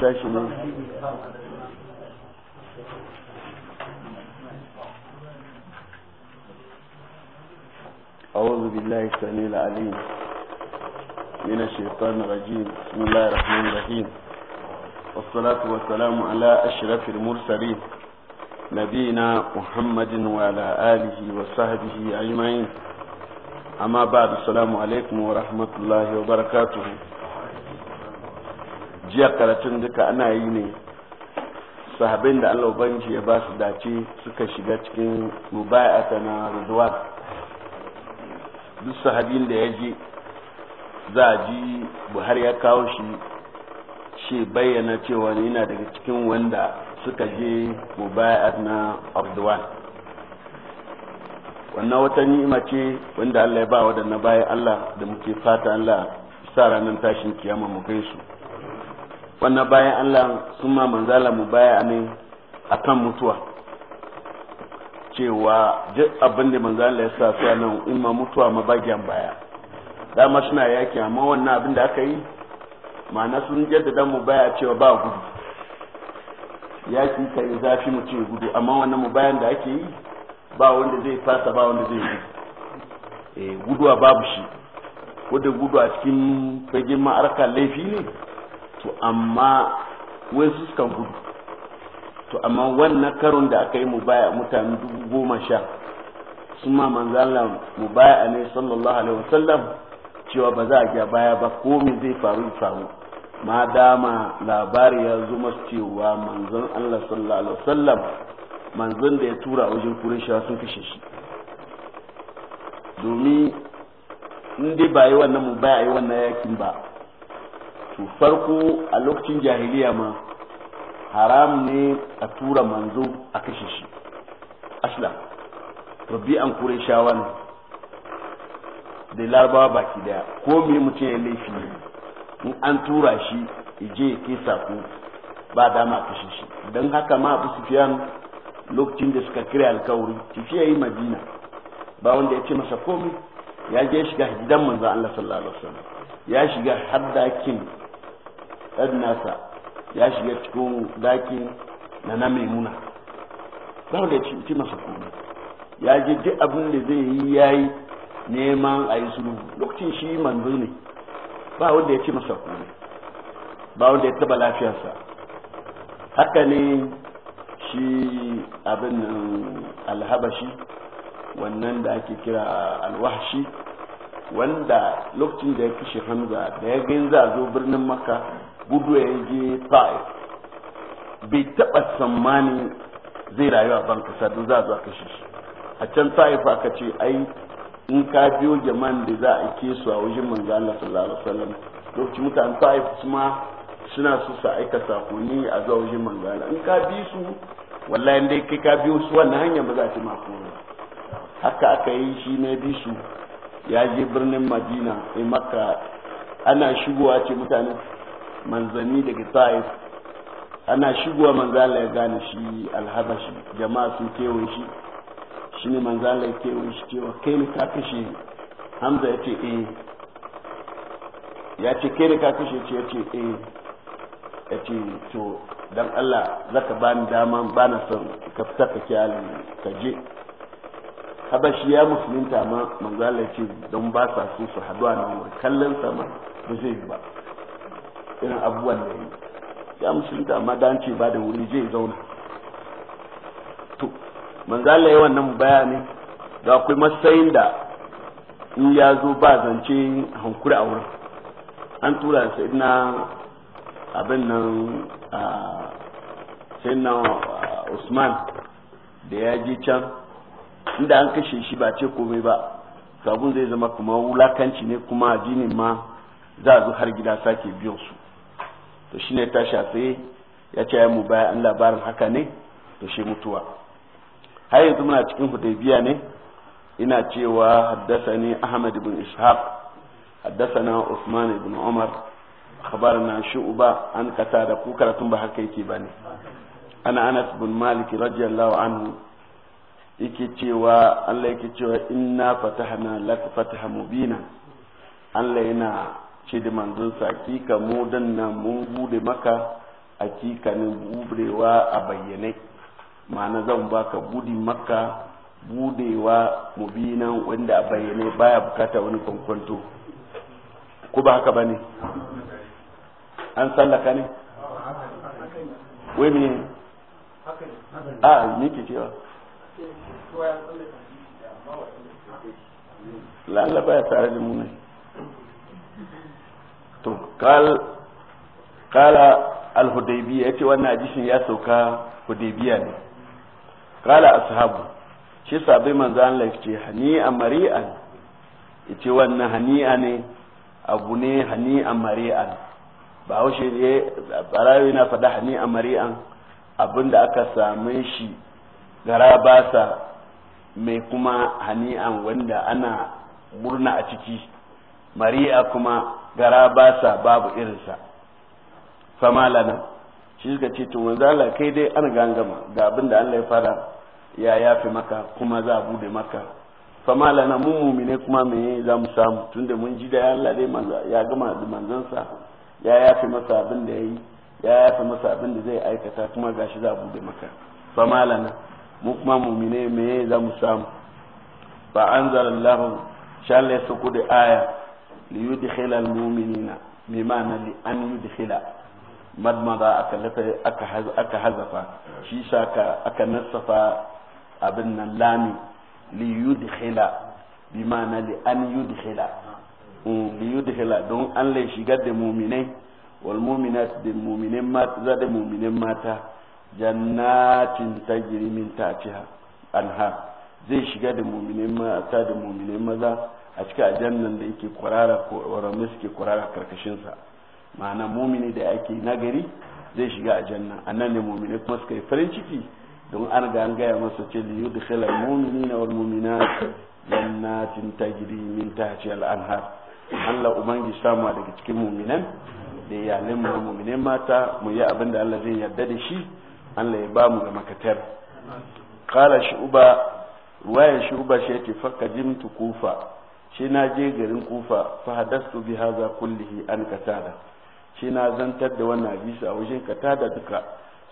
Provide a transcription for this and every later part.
tashi ne sani la'adun mina shekwar na raji sun la'ar rahi wasu salatu ala a shirafi mursari na muhammadin wa la'alihi wa sahabihi a yi mayin amma ba da salamu alaikum wa rahmatullahi wa barakatuhu jiya karatun duka ana yi ne sahabin da Allah banji ya ba su dace suka shiga cikin mubayata na Ridwan duk sahabin da ya je za a ji Buhari ya kawo shi shi bayyana cewa yana daga cikin wanda suka je mubayat na Ridwan wannan wata ni'ima ce wanda Allah ya ba wa da na bayan Allah da muke fata Allah sa ranar tashin kiyama mu kai su wannan bayan Allah sun ma manzala mu baya ne akan mutuwa cewa duk abin da manzala ya sa su nan in ma mutuwa ma bagyan baya dama suna yaki amma wannan abin da aka yi ma'ana sun jaddada mu baya cewa ba gudu yaki ka yi zafi mu ce gudu amma wannan mu bayan da ake yi ba wanda zai fasa ba wanda zai gudu eh guduwa babu shi ko da gudu a cikin fagen ma'arka laifi ne to amma wai su suka gudu to amma wannan karon da aka yi mu baya mutane dubu goma sha sun ma manzala mu baya ne sallallahu alaihi wasallam cewa ba za a ga baya ba ko me zai faru faru ma dama labari ya zo masu cewa manzon Allah sallallahu alaihi wasallam manzon da ya tura wajen Qurayshawa sun kashe shi domin in dai ba yi wannan mu baya yi wannan yakin ba su farko a lokacin jahiliya ma haram ne a tura manzo a kashe shi asla rabbi an kure shawan da larabawa baki daya ko me mutum ya laifi in an tura shi ije ke sako ba dama a kashe shi don haka ma abu sufiyan lokacin da suka kira alkawari tafiya yi madina ba wanda ya ce masa komai ya je shiga gidan manzo Allah sallallahu alaihi wasallam ya shiga har dakin ɗan nasa ya shiga cikin dakin na na maimuna ba da ci masa komai ya ji duk abin da zai yi ya yi neman a yi sulhu lokacin shi manzo ne ba wanda ya ci masa komai ba wanda ya taba lafiyarsa haka ne shi abin alhabashi wannan da ake kira alwashi wanda lokacin da ya kashe hamza da ya gani za a zo birnin maka gudu ya je ta'if bai taɓa tsammani zai rayu a ban kasa don za a zuwa kashe shi a can ta'if ka ce ai in ka biyo jaman da za a ke su a wajen manzo Allah sallallahu alaihi wasallam lokacin mutanen ta'if kuma suna so su aika sakonni a zuwa wajen manzo Allah in ka bi su wallahi dai kai ka biyo su wannan hanyar ba za a ce ma komai haka aka yi shi na bi su ya je birnin Madina sai Makka ana shigowa ce mutane manzanni daga ta'if ana shigowa manzala ya gane shi alhabashi jama'a sun kewaye shi shi ne manzala ya kewaye shi cewa kai ne ka kashe hamza ya ce eh ya ce kai ne ka kashe ce ya ce eh ya ce to dan Allah za ka bani dama bana son ka fita ka kyale ka je habashi ya musulunta ma manzala ya ce don ba sa su su haduwa nan kallon sama ba zai yi ba irin abubuwan da yi ya musulunta amma da ce ba da wuri zai zauna to manzala Allah ya wannan bayani da akwai matsayin da in ya zo ba zance hankuri a wurin an tura sa ina abin nan a sai na Usman da ya je can inda an kashe shi ba ce komai ba sabon zai zama kuma wulakanci ne kuma jini ma za a zo har gida sake biyan su to shine ta shafe ya ce mu baya an labarin haka ne to shi mutuwa har yanzu muna cikin hudaybiya ne ina cewa haddasani ahmad ibn ishaq haddasana usman ibn umar akhbarana shu'ba an da ku karatun ba haka yake bane ana anas ibn malik radiyallahu anhu yake cewa Allah yake cewa inna fatahna lak fataha mubina Allah yana ce da manzonsa hakika mu nan mun bude maka hakikanin budewa a bayyane ma'ana zan baka budi maka budewa mubinan wanda a bayyane baya bukata wani kwankwanto ko ba haka bane an sallaka ne wai me a ni ke cewa lalaba ya tare da mu ne to kala al hudaybiyya yace wannan hadisin ya sauka hudaybiyya ne kala ashabu shi sabai manzo Allah yace hani'an mari'an yace wannan hani'a ne abu ne hani'an mari'an ba haushe ne barawi na faɗa hani'an mari'an abinda aka same shi gara basa mai kuma hani'an wanda ana murna a ciki mari'a kuma gara ba sa babu irinsa fama lana shi suka ce to manzala kai dai an gangama ga abin da Allah ya fara ya yafi maka kuma za a bude maka fama lana mun mumine kuma me za mu samu tunda mun ji da Allah dai ya gama da manzansa ya yafi masa abin da ya yi ya yafi masa abin da zai aikata kuma gashi za a bude maka fama lana mu kuma mumine me za mu samu fa anzalallahu shalle su kudi aya ليدخل المؤمنين بمعنى لأن يدخل madmada aka hazafa shi sa aka nassafa abin nan lami li yudkhila bi ma'ana li an yudkhila mm, li yudkhila don an lai shigar da muminai wal muminat da muminin mata za da muminin mata jannatin tajri min ta'tiha zai shiga da muminin da muminin maza a cikin aljannan da yake kurara ƙwararrun suke kurara karkashinsa ma'ana mumini da ake nagari zai shiga aljanna a nan ne mumini kuma suka yi farin ciki don an ga an gaya masa ce da yudu khilar mumini na wal mumina jannatin tajri min tahti al anhar Allah ubangi sama daga cikin muminan da ya lamma muminan mata mu yi abin da Allah zai yarda da shi Allah ya ba mu ga makatar qala shu'ba ruwaya shu'ba shi yake fakka jimtu kufa shi na je garin kufa fa hadastu bi haza kullihi an katada shi na zantar da wannan hadisi a wajen katada duka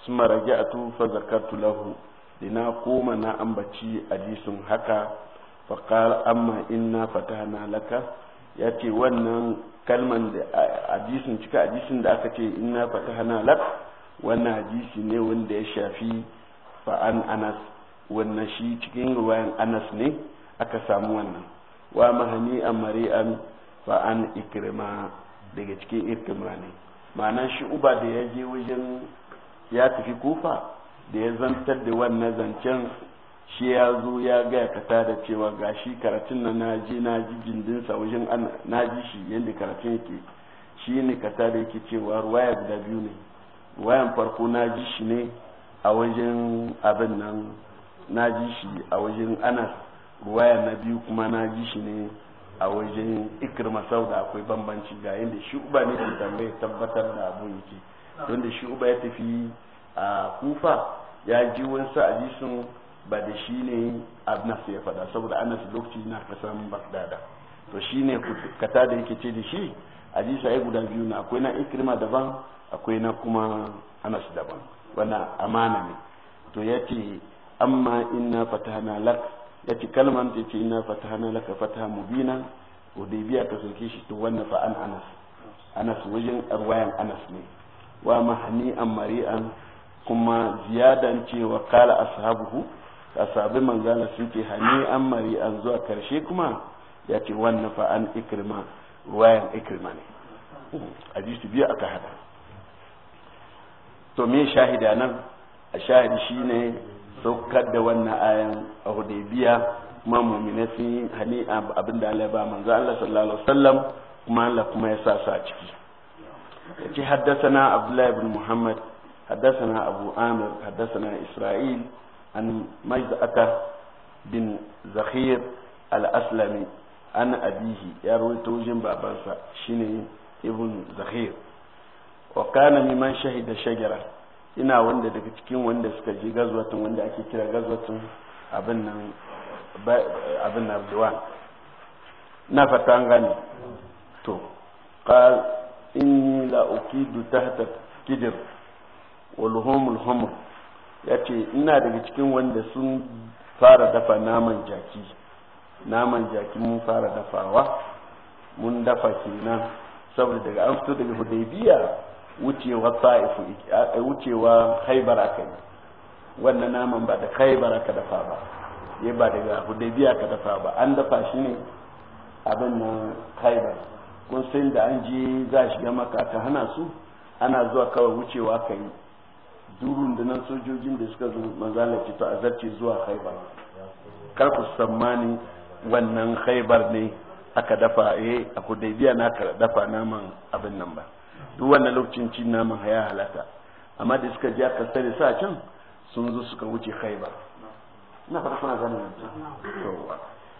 suma raja'tu fa zakartu lahu dina koma na ambaci hadisin haka fa qala amma inna fatahna laka yace wannan kalman da hadisin cika hadisin da aka ce inna fatahna lak wannan hadisi ne wanda ya shafi fa an anas wannan shi cikin ruwayan anas ne aka samu wannan wa mahani an mari'an fa an ikrima daga cikin ikrima ne ma'ana shi uba da ya je wajen ya tafi kufa da ya zantar da wannan zancen shi ya zo ya gaya kata da cewa gashi karatun na naji naji gindinsa wajen naji shi yadda karatun yake shi ne kata da yake cewa ruwaya guda biyu ne ruwayan farko naji shi ne a wajen abin nan naji shi a wajen anas ruwaya na biyu kuma na ji shi ne a wajen ikirma sau da akwai bambanci ga yadda shi uba ne ke tambaye tabbatar da abu yake don da shi uba ya tafi a kufa ya ji wansu sun ba da shi ne anas ya fada saboda anas lokaci na kasan bagdada to shi ne kata da yake ce da shi a hadisa ya guda biyu na akwai na ikirma daban akwai na kuma anas daban wannan amana ne to ya ce amma inna fatahna lak yace kalman da yace inna fatahna laka fataha mubina hudaybiya ta soke shi to wannan fa an anas anas wajen arwayan anas ne wa mahani an mari'an kuma ziyadan cewa kala ashabuhu ashabi manzala suke hani an mari'an zuwa karshe kuma yace wannan fa an ikrima ruwayan ikrima ne su biyu aka hada to me shahida nan a shahidi shine saukar da wannan ayan a hudaybiya kuma mu'mina sun yi hani abin da Allah ya ba manzo Allah sallallahu alaihi wasallam kuma Allah kuma ya sa su a ciki yace haddathana Abdullah ibn Muhammad haddathana Abu Amir haddathana Isra'il an Majda'ata bin Zakhir al-Aslami an abihi ya rawaito wajen babansa shine ibn Zakhir wa kana mimman shahida shajara ina wanda daga cikin wanda suka je gazwatin wanda ake kira gazwatin abin nan abin na fata an to Ka inni la ukidu tahta kidir wal humul Ya yace ina daga cikin wanda sun fara dafa naman jaki naman jaki mun fara dafawa mun dafa kenan saboda daga an fito daga hudaybiya wucewa ta'ifu eh, wucewa haibar aka yi wannan naman ba da haibar aka dafa ba ya ba daga hudaybiya aka dafa ba an dafa shi ne abin nan haibar kun sai da an je za a shiga maka ta hana su ana zuwa kawai wucewa aka yi durun da nan sojojin da suka zo manzala ce a zarce zuwa haibar kar ku tsammani wannan haibar ne aka dafa eh a hudaybiya na dafa naman abin nan ba duk wannan lokacin cin naman haya halata amma da suka ji aka tsare sa can sun zo suka wuce khaibar ina fara kuna gane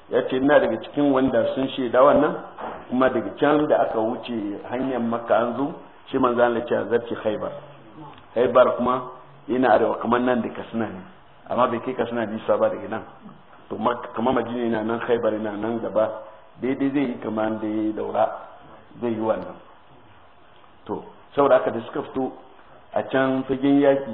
ya ce ina daga cikin wanda sun shaida wannan kuma daga can da aka wuce hanyar makka an zo shi manzo Allah ya zarce khaibar khaibar kuma yana arewa kamar nan da kasna ne amma bai kai kasna bisa ba daga nan to kamar madina yana nan khaibar yana nan gaba daidai zai yi kamar da ya daura zai yi wannan saboda aka da suka fito a can fagen yaki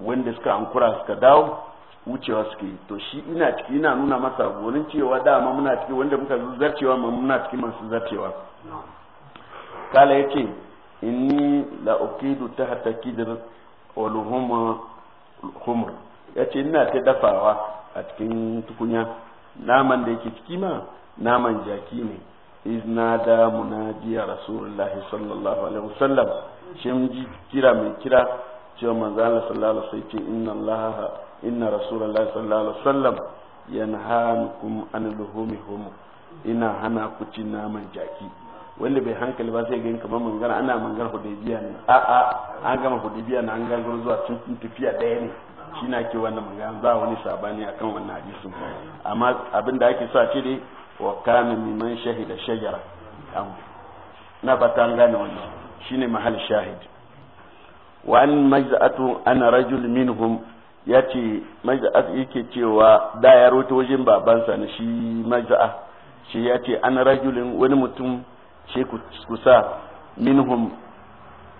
wanda suka ankura suka dawo wucewa suke yi to shi ina ciki ina nuna masa gonin cewa dama muna ciki wanda muka zarcewa ma muna ciki masu zarcewa kala ya ce inni la uqidu ta hata wal humr ya ce ina ta dafawa a cikin tukunya naman da yake ciki ma naman jaki ne iz nada munajiya rasulullahi sallallahu alaihi wasallam shi كرا ji kira mai kira cewa manzo Allah sallallahu alaihi wasallam inna Allah inna rasulullahi sallallahu alaihi wasallam yanhaanukum an luhumihum ina hana هنا cin naman jaki wanda bai hankali ba sai ga kamar mangana ana mangana hudaybiya ne a a an gama hudaybiya na an gangaro zuwa cikin tafiya daya ne shi na ke wannan magana za wani sabani akan wannan hadisin amma abin da ake sa ce dai wa kana mimman shahida shajara na bata an gane wannan shine mahal shahid wa an majza'atu ana rajul minhum yace majza'at yake cewa da ya rota wajen babansa ne shi majza'a shi yace ana rajulin wani mutum ce kusa minhum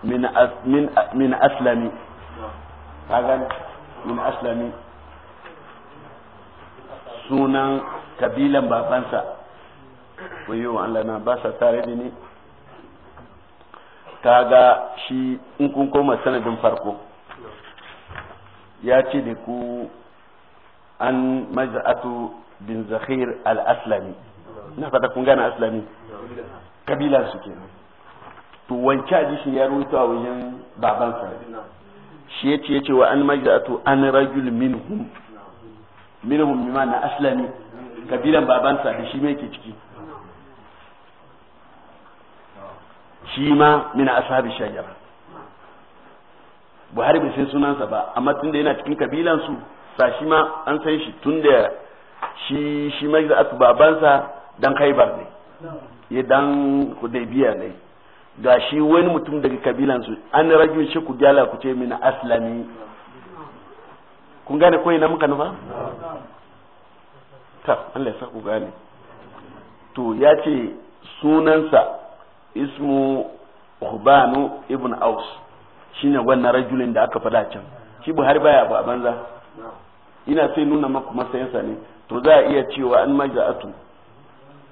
min min min aslami kaga min aslami sunan kabilan babansa wayo Allah na ba sa tare da ni kaga shi in kun koma sanadin farko ya ce da ku an majza'atu bin zakhir al-aslami na fata kun gane aslami kabilan su kenan to wanke hadisin ya rubuta a wajen babansa shi ya ce ya ce wa an majza'atu an rajul minhum minhum bi na aslami kabilan babansa da shi mai ke ciki shi ma mina ashabi shajara buhari bai sai sunansa ba amma da yana cikin kabilansu sa shi ma an san shi tun da shi shi mai da babansa dan kaibar ne ya dan hudaybiya ne ga shi wani mutum daga kabilansu an rajin shi ku gyala ku ce mina aslami kun gane koyi na muka nufa ta Allah ya sa ku gane to ya ce sunansa ismu Uhbanu ibn Aus shine wannan rajulin da aka fada can shi Buhari baya ba banza ina sai nuna maku masayansa ne to za a iya cewa an maja'atu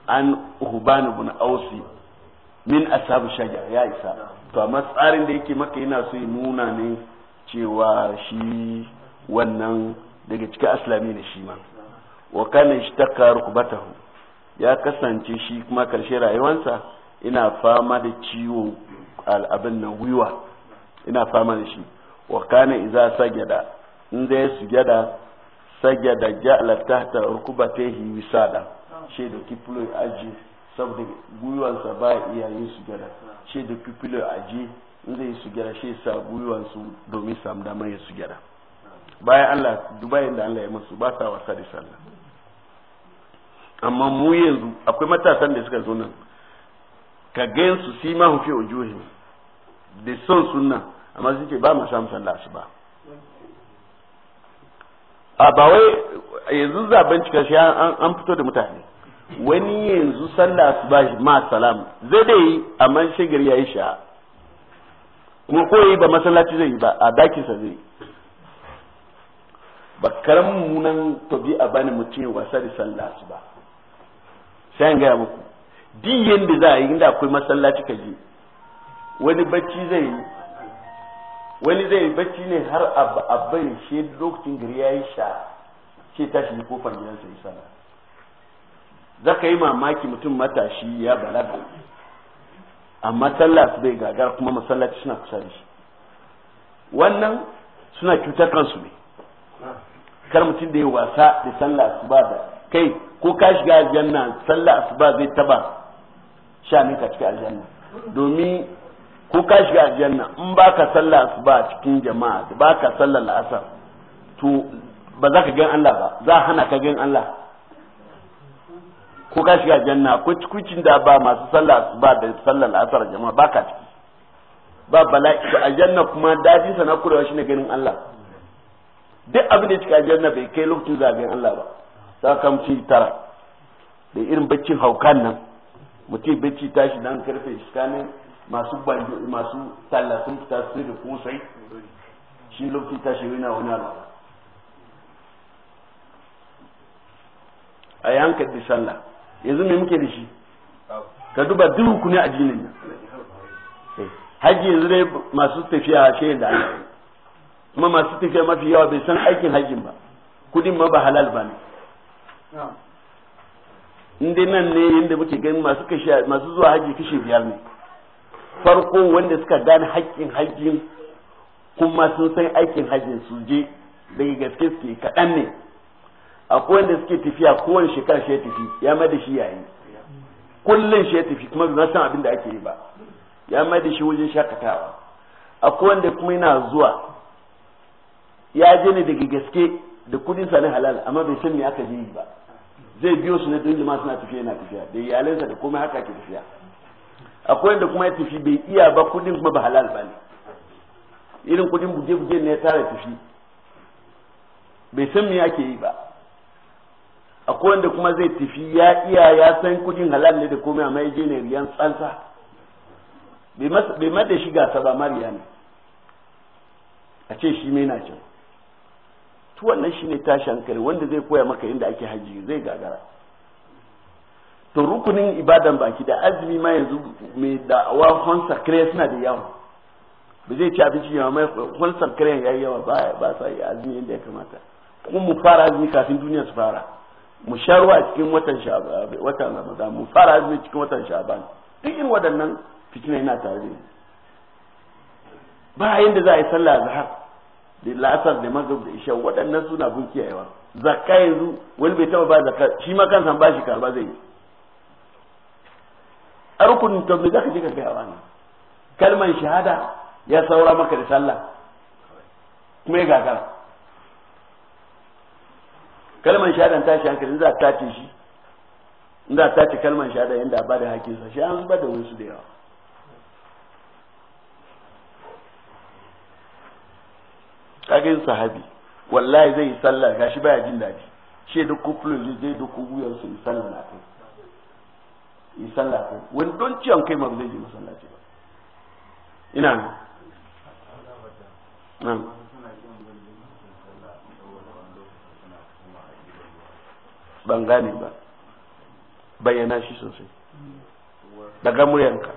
an uhbanu ibn Aus min ashabu shaja ya isa to amma tsarin da yake maka yana so nuna ne cewa shi wannan daga cikin aslami ne shi ma wa kana ishtaka rukbatahu ya kasance shi kuma karshe rayuwansa ina fama da ciwo abin nan gwiwa ina fama da shi wa kana idza sajada in zai sujada sajada ja'ala tahta rukbatihi wisada shi da kiflo aji saboda gwiwansa ba iya yin sujada shi da kiflo aji in zai sujada shi sa gwiwansu domin samu damar ya sujada bayan Allah dubayin da Allah ya masu ba sa wasa da sallah amma mu yanzu akwai matasan da suka zo nan ka gan su si ma hufi ujuhin da son sunna amma su ce ba mu sha sallah su ba a ba wai yanzu zaben cika shi an fito da mutane wani yanzu sallah su ba shi ma salam zai da yi amma shigar ya yi sha kuma ko yi ba masallaci zai yi ba a dakinsa zai yi ba karamin munan a bani mutum ya wasa da sallah su ba sai gaya muku duk yadda za a yi inda akwai masallaci ka je wani bacci zai yi wani zai yi bacci ne har a bayan shi lokacin gari ya yi sha ce tashi ne kofar gidansa yi sana za ka yi mamaki mutum matashi ya balaga amma sallah su bai gagara kuma masallaci suna kusa da shi wannan suna cutar kansu ne kar mutum da ya wasa da sallah su ba da kai ko ka shiga aljanna sallah asuba zai taba shanin ka cikin aljanna domin ko ka shiga aljanna in baka sallah asuba cikin jama'a baka sallar la'asar to ba za ka gan Allah ba za hana ka gan Allah ko ka shiga aljanna ko cikin da ba masu sallah asuba da sallar la'asar jama'a baka ciki ba bala'i to aljanna kuma dadi sana kurewa shine ganin Allah duk abin da cikin aljanna bai kai lokacin zagayen Allah ba sakamci tara da irin baccin haukan nan mutum bacci tashi nan karfe ne masu banjo masu talla sun fita su da kusai shi lokaci tashi yana wani alwa a yi hankali da sallah yanzu me muke da shi ka duba duk kuni a jinin nan eh, haji yanzu dai masu tafiya a shi da kuma masu tafiya mafi yawa bai san aikin hajjin ba kudin ma ba halal ba ne inda nan ne yadda muke gani masu masu zuwa haji kashe biyar ne farko wanda suka gane haƙƙin hajjin kuma sun san aikin hajjin su je daga gaske suke kaɗan ne akwai wanda suke tafiya kowane shekara shi ya tafi ya mai da shi yayi kullum shi ya tafi kuma na san abin da ake yi ba ya mai da shi wajen shakatawa akwai wanda kuma yana zuwa ya je ne daga gaske da kudin sanin na halal amma bai san me aka je ba zai biyo su ne don jama'a suna tafiya yana tafiya da iyalansa da komai haka ke tafiya akwai da kuma ya tafi bai iya ba kudin kuma ba halal ba ne irin kudin buge-buge ne ya tara tafi bai san me ke yi ba akwai wanda kuma zai tafi ya iya ya san kudin halal ne da komai amma ya je ne riyan tsansa bai mada shi gasa ba mariya ne a ce shi mai na can to wannan ne tashi hankali wanda zai koya maka yadda ake haji zai gagara to rukunin ibadan baki da azumi ma yanzu mai da'awa honsa kare suna da yawa ba zai ci abinci yawa mai honsa kare ya yi yawa ba sa yi azumi yadda ya kamata kuma mu fara azumi kafin duniya su fara mu sha ruwa a cikin watan sha'ban watan ramadan mu fara azumi cikin watan sha'ban duk irin waɗannan fitina yana tare da ba yanda za a yi sallah azhar da la'asar da maghrib da isha waɗannan suna bin kiyayewa zakka yanzu wani bai taba ba zakka shi ma kansa ba shi karba zai yi arkun to me zaka je ka ga wani kalman shahada ya saura maka da sallah kuma ya gagara kalman shahadan tashi hankali za ta tace shi za ta tace kalman shahada yanda ba da hakinsa shi an ba da wani su da yawa kaga yin sahabi wallahi zai yi sallah gashi baya jin daɗi shi duk kuflin zai duk wuyar su yi sallah na kai yi sallah kai wani don ciyan kai ma zai ji masallaci ba ina ne nan ban gane ba bayyana shi sosai daga muryanka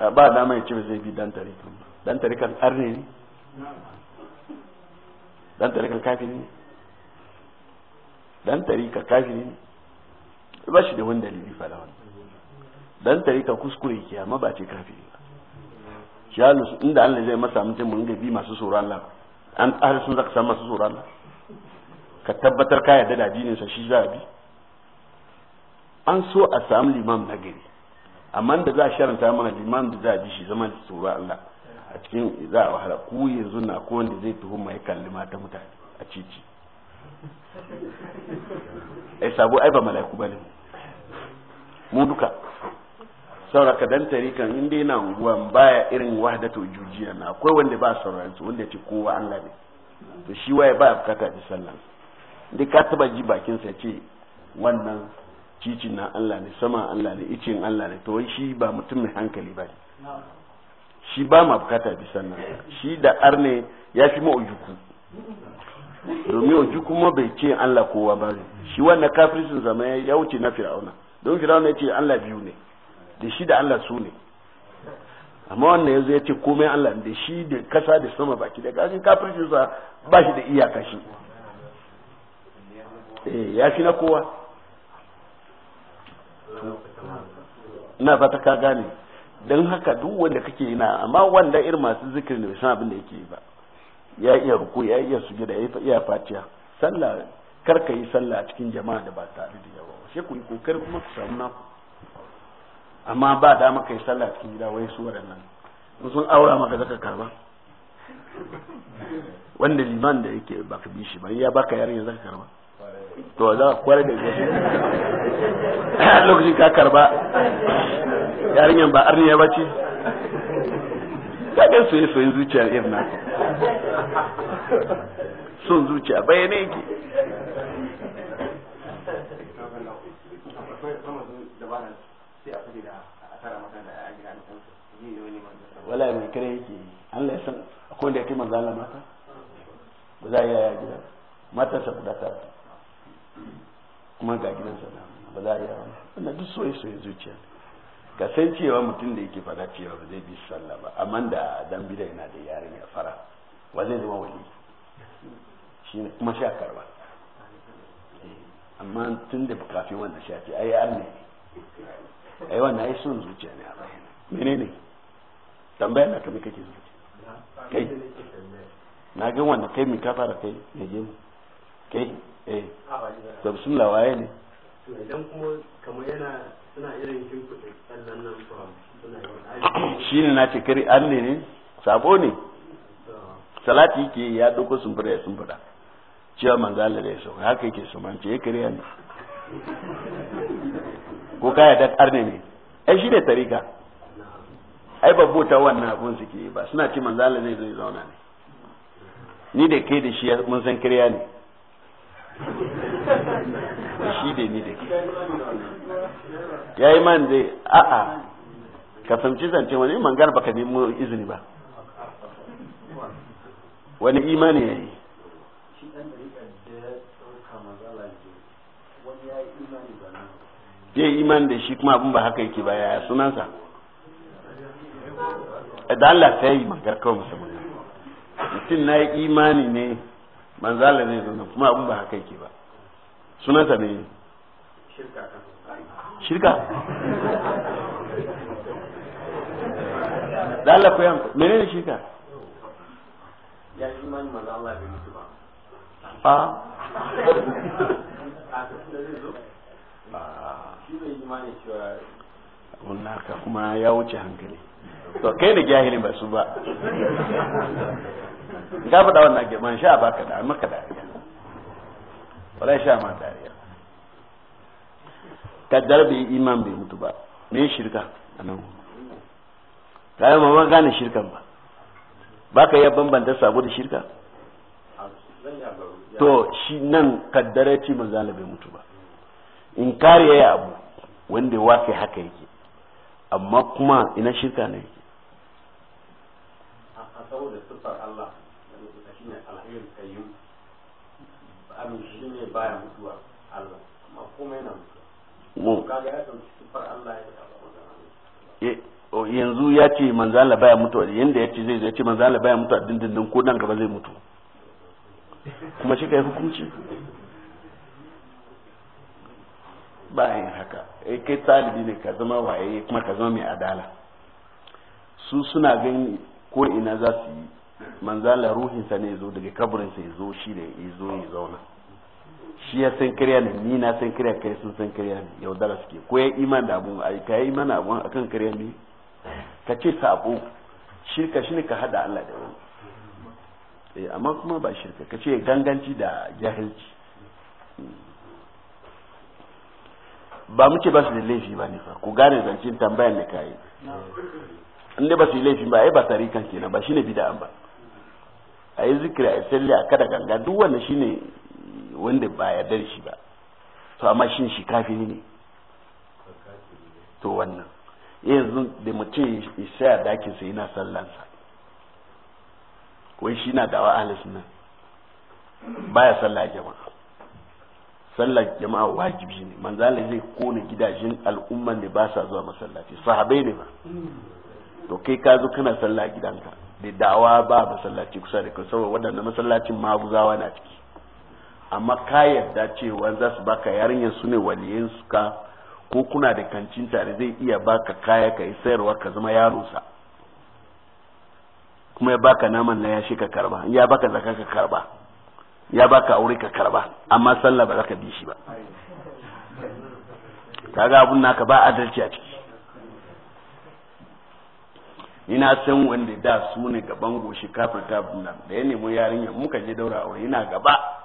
Eh, ba dama ya ce ba zai bi dan tarikan dan tarikan arne ne dan tarikan kafi ne dan tarika kafi ne ba shi da wani dalili fara wani dan tarika kuskure ke amma ba ce kafi ne shi halin inda Allah zai masa mutum mun ga bi masu tsoron Allah an tsari sun zaka san masu tsoron Allah ka tabbatar ka yarda da addinin sa shi za a bi an so a samu limam na gari amma da za a sharanta mana liman da za a ji shi zaman tsoro Allah a cikin za a wahala ku yanzu na ko wanda zai tuhuma ya kalli mata mutane a cici ai sabo ai ba mala'iku bane mu duka saura ka dan tarikan inda dai unguwa unguwan baya irin wahdatu jujiya na akwai wanda ba sauran su wanda ce kowa Allah ne to shi waye ba bukata ji sallan dai ka taba ji bakin sa ce wannan cicin na Allah ne sama Allah ne icin Allah ne to shi ba mutum mai hankali ba shi ba ma bukata bisan nan shi da arne ya fi ma'ujuku domin ojuku ma bai ce Allah kowa ba shi wannan kafir zama ya wuce na fir'auna don fir'auna ya ce Allah biyu ne da shi da Allah su ne amma wannan yanzu ya ce komai Allah da shi da kasa da sama baki da kafirin sa ba shi da iyaka shi eh, ya fi na kowa ina fata ka gane don haka duk wanda kake yana amma wanda irin masu zikiri ne san abin da yake yi ba ya iya ruku ya iya sujada ya iya fatiya sallah kar ka yi sallah a cikin jama'a da ba tare da yawa ba sai ku yi kokari kuma ku samu naku amma ba dama ka yi sallah a cikin gida wai su waɗannan in sun aura maka zaka karba wanda liman da yake baka bi shi ba ya baka yarinya zaka karba to za a kware da shi lokacin ka karba yarinyan ba arniya ba ce ka ga soye soyen zuciya irin na son zuciya bayyane yake wala mai kare yake an laisan akwai da ya kai manzo Allah mata ba za a yi yaya gida mata sa guda tara kuma ga gidansa da ba za a yi ba wanda duk soye soye zuciya ka san cewa mutum da yake fada cewa ba zai bi sallah ba amma da dan bida yana da yarin ya fara wa zai zama wali shi ne kuma sha karba eh, amma tun da kafin wanda sha ce ai yar ne ai wannan ai son zuciya ne a bayan menene tambaya na kame kake zuciya kai na ga wannan kai mi ka fara kai ne je kai eh ah, da bismillah waye ne Shin idan kuma kamar yana suna irin nan na ce kari an ne ne sabo ne salati yake ya doko sun fara sun cewa manzo da ya sauka haka yake so man ce ya eh, kariya ne ko kaya da arne ne ai shi ne tarika ai babu ta wannan abun suke ba suna ce manzo Allah ne zai zauna ne ni da kai da shi mun san kariya ne shi da ni da ya yi man zai a'a ka samci zance wani mangar baka nemo izini ba wani imani ya yi yi imani da shi kuma abin ba haka yake ba yaya sunansa da Allah ta yi magar kawai musamman mutum na yi imani ne manzala ne zan kuma abun ba haka yake ba sunanta ne shirka shirka da Allah koyan menene shirka ya shi mani manzala Allah bai mutu ba a wannan ka kuma ya wuce hankali to kai da jahilin ba su ba ka faɗa wannan girman sha baka da maka dariya wala sha ma dariya kaddar bai iman bai mutu ba me shirka anan ka ma ma gane shirkan ba baka iya bambanta sabo da shirka to shi nan kaddara ce manzo Allah bai mutu ba in kare yayi abu wanda ya wafe haka yake amma kuma ina shirka ne yake a saboda sifar Allah baya mutuwa Allah amma komai yana mutuwa kaga ya dauki sifar Allah ya dauka yanzu ya ce manzo Allah baya mutuwa yanda ya ce zai zai ce manzo Allah baya mutuwa dindindin ko nan gaba zai mutu kuma shi kai hukunci bayan haka eh kai talibi ne ka zama waye kuma ka zama mai adala su suna gani ko ina za su yi manzala ruhinsa ne ya zo daga kaburinsa ya zo shi da ya zo ya zauna shi ya san kariya ne ni na san kariya kai sun san kariya ne da suke ko ya iman da abun ai ka yi da abun akan kariya ne ka ce sabo shirka shi ne ka hada Allah da wani eh amma kuma ba shirka ka ce ganganci da jahilci hmm. ba muke ba su da laifi ba ne fa ku gane zancin tambayan da kayi in ba su yi laifi ba ai ba tarikan kenan ba shine bid'a ba a zikira zikiri a salli a kada ganga duk wannan shine wanda ba yarda da shi ba to amma shin shi kafiri ne to wannan yanzu da mutum ya saya dakin yana sallansa wai shi na dawa ahalis nan baya sallah jama'a sallah jama'a wajibi ne manzala zai kone gidajen al'umman da ba sa zuwa masallaci sahabai ne ba to kai ka zo kana sallah gidanka da dawa ba masallaci kusa da kai saboda waɗannan masallacin maguzawa na ciki amma ka yarda cewa za su baka yarinyar su ne waliyan su ka ko kuna da kancin tare zai iya baka kaya ka yi sayarwa ka zama yaronsa kuma ya baka naman na ya ka karba ya baka zaka ka karba ya baka aure ka karba amma sallah ba za ka bi shi ba kaga abun naka ba adalci a ciki ina san wanda da su ne gaban goshi kafirta da ya nemo yarinya muka je daura aure ina gaba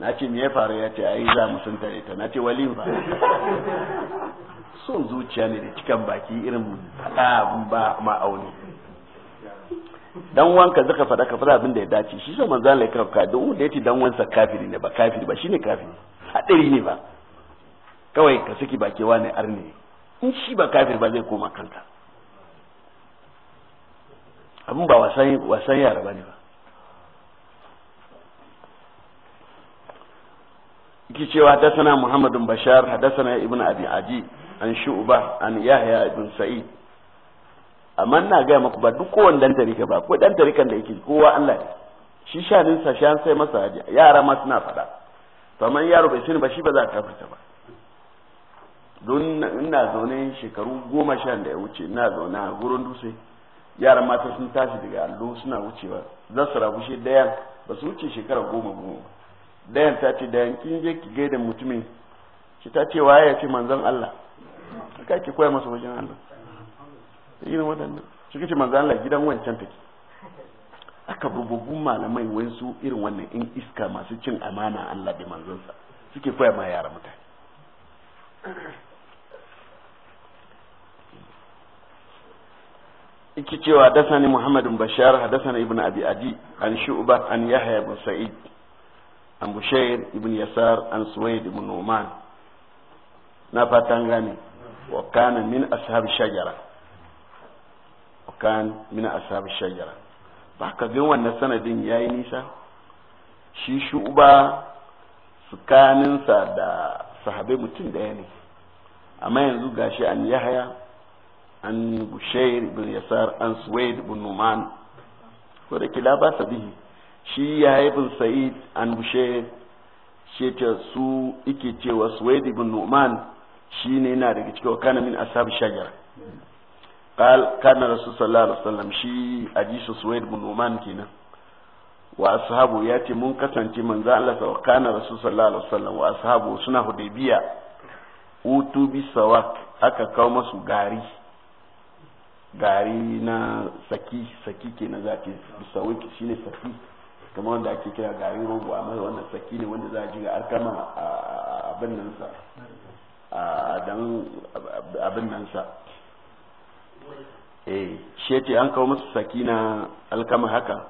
na ce me ya faru ya ce ai za mu sun tare ta na ce wali ba son zuciya ne da cikan baki irin fada abin ba ma'auni dan wanka zaka fada ka fada abin da ya dace shi sa manzo Allah ya kafa don wanda yace dan wansa kafiri ne ba kafiri ba shine kafiri hadari ne ba kawai ka saki baki wani arne in shi ba kafir ba zai koma kanka abin ba wasan yara ba ne ba ki cewa hadathana Muhammad bin Bashar hadathana Ibn Abi Aji an Shu'ba an Yahya ibn Sa'id amma na ga maku ba duk kowanne dan tarika ba ko dan tarikan da yake kowa Allah ne shi shanin sa shan sai masa haji yara ma suna fada to man yaro bai sani ba shi ba za ka fita ba don ina zaune shekaru goma sha da ya wuce ina zaune a gurin dutse yaran mata sun tashi daga allo suna wucewa zasu su rabu shi dayan ba su wuce shekara goma goma ba dayan ta ce dayan kin je ki gaida mutumin shi ta ce waye ya ce manzon Allah kai ki koya masa wajen Allah irin wadannan shi kace manzon Allah gidan wancan take aka rububun malamai wansu irin wannan in iska masu cin amana Allah da sa suke koya ma yara mutane ki cewa hadasani muhammadun Bashar hadasani Ibn Abi Adi an shuba an Yahya ibn Sa'id an bushair ibn yasar an suwaid ibn numan na fatan gane wa kana min ashab shajara wa kana min ashab shajara ba ka ga wannan sanadin yayi nisa shi shuba tsakaninsa da sahabai mutum daya ne amma yanzu gashi an yahaya an bushair ibn yasar an suwaid ibn numan ko da kila ba bihi shi ya bin sa'id an bushe shi ta su ike cewa suwaid ibn nu'man shi ne yana daga cikin kana min ashab shajar qal kana rasul sallallahu alaihi wasallam shi ajisu suwaid ibn nu'man kenan wa ashabu ya ce mun kasance manzo Allah sa kana rasul sallallahu alaihi wasallam wa ashabu suna hudaybiya utu bi sawak aka kawo masu gari gari na saki saki kenan zaki bisawaki shine saki kamar wanda ake kira garin rogo amma wannan saki ne wanda za a ji ga alkama abin nan sa dan abin nan sa eh shi ce an kawo musu na alkama haka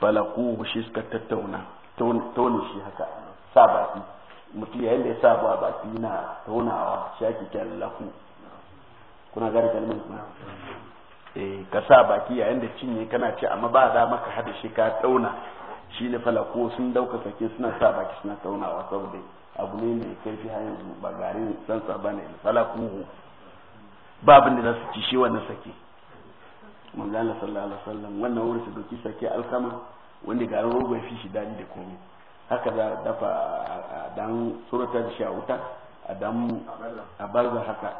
falaku shi suka tattauna tone shi haka sa baki mutum yayin da ya sa ba baki na tonawa shi ake kira laku kuna gane kalmar kuma eh ka sa baki yayin da cinye kana ce amma ba za maka hada shi ka tauna shi ne falako sun dauka sake suna sa baki suna taunawa saboda abu ne mai kaifi har yanzu ba garin sa ba ne falakuhu ba abin da za su ci shi wannan sake manzo Allah sallallahu alaihi wasallam wannan wurin su doki sake alkama wanda garin rogo fi shi dadi da komai haka za a dafa dan surata da shi a wuta a dan a barza haka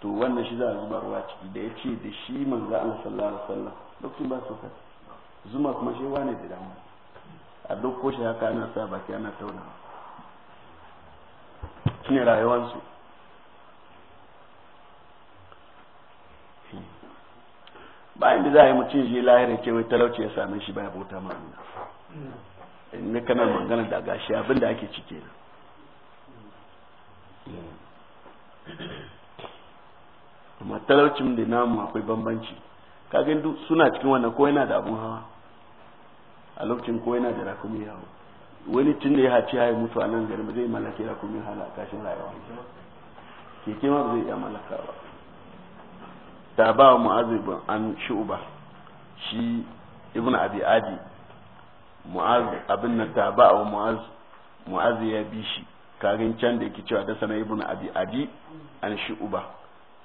to wannan shi za a zuba ruwa ciki da ya ce da shi manzo Allah sallallahu alaihi wasallam lokacin ba su zuma kuma shi wane da damu a duk koshi haka ana sa baki ana taunawa shi ne rayuwarsu bayan da za a yi mutum shi lahira ce talauci ya same shi baya bauta ma'amina in ne kanar magana da gashi abin da ake cike na amma talaucin da namu akwai bambanci kagin suna cikin wannan ko yana da abun hawa a lokacin ko yana da rakumi yawo wani tun da ya haci ya mutu a nan gari ba zai malaka rakumi hala a kashin rayuwa keke ma ba zai iya mallaka ba da ba mu'azu bin an shu'uba, shi Ibn abi adi abin nan da ba wa mu'az ya bi shi kagin can da yake cewa da sana Ibn abi adi an shu'uba,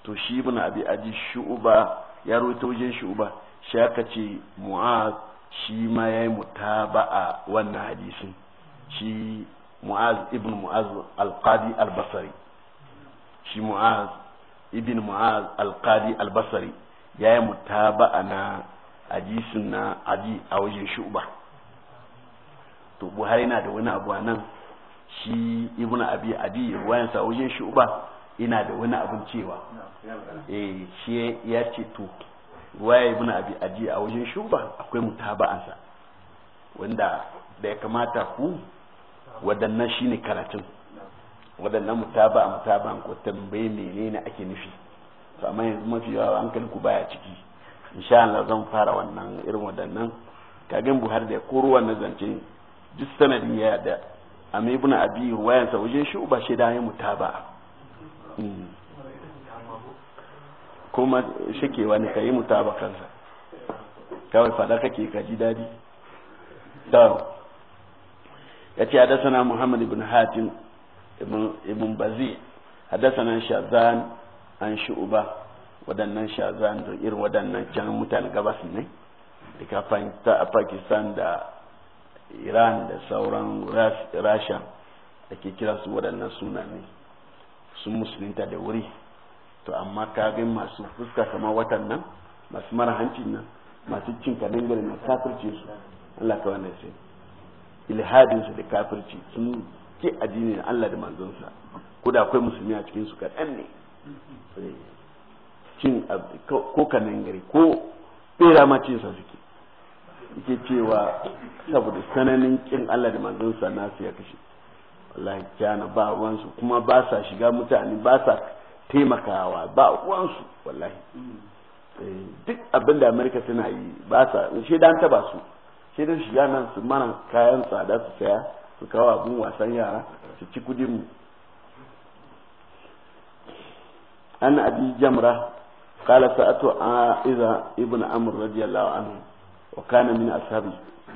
to shi Ibn abi adi shu'ba ya rawaito wajen shu'uba, shi aka ce mu'az shi ma ya yi a wannan hadisin shi mu'az ibn mu'az al-qadi al-basri shi mu'az ibn mu'az al-qadi al-basri ya yi a na hadisin na adi a wajen shuba to buhari na da wani abu nan shi ibn abi adi ruwayansa a wajen shuba ina da wani abin cewa eh shi ya ce to Waye muna abi aji a wajen shuba akwai mutaba'ansa wanda da ya kamata ku waɗannan shine karatun waɗannan mutaba'a mutaba'an ko tambaye menene ake nufi to amma yanzu mafi yawa hankali ku baya ciki insha Allah zan fara wannan irin waɗannan kagan Buhari da koro wannan zance duk sanadin ya da amma ibn abi ruwayansa wajen shuba shi da ya mutaba'a hmm. kuma shike wani ka yi mutabakansa kawai fada kake ka ji dadi ya ce hadasana muhammad ibn hatim ibn bazi hadasana shazan an shu'uba waɗannan shazan da irin waɗannan can mutane gabas ne daga a pakistan da iran da sauran rasha da ke kira su waɗannan suna ne sun musulunta da wuri to amma ka ga masu fuska kamar watan nan masu mara hancin nan masu cin kanin gari na kafirci su Allah ka wanda sai ilhadin su da kafirci sun ki addinin Allah da sa ko da akwai musulmi a cikin su kaɗan ne cin ko kanin gari ko bera ma cin sa suke yake cewa saboda sananin kin Allah da sa nasu ya kashe wallahi kyana ba wansu kuma ba sa shiga mutane ba sa taimakawa ba uwansu wallahi eh, duk abin da amerika tana yi ba sa shi dan taba su shi da shiga nan su mana kayan tsada su saya su kawo abin wasan yara su ci kudin mu an abi jamra قال سألت إذا ابن عمرو رضي الله عنه وكان من أصحاب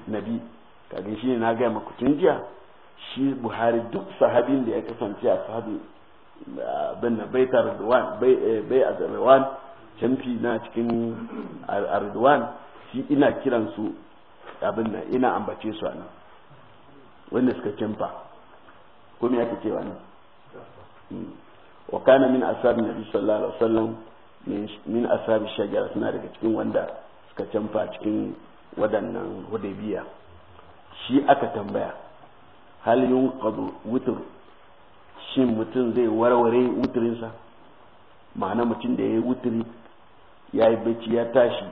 النبي كان شيء ناجي ما tun jiya shi buhari duk sahabin da ya kasance a sahabi Abin baitar ridwan eh, bai a ridwan canfi na cikin ridwan shi ina kiran su abin nan ina ambace su anan wanda suka canfa ko me yake cewa ne hmm. wa kana min ashabi nabi sallallahu alaihi wasallam min asar shajara suna daga cikin wanda suka canfa cikin wadannan hudaybiya shi aka tambaya hal yunqadu witr shin mutum zai warware wuturinsa ma'ana mutum da ya yi wuturi ya yi bacci ya tashi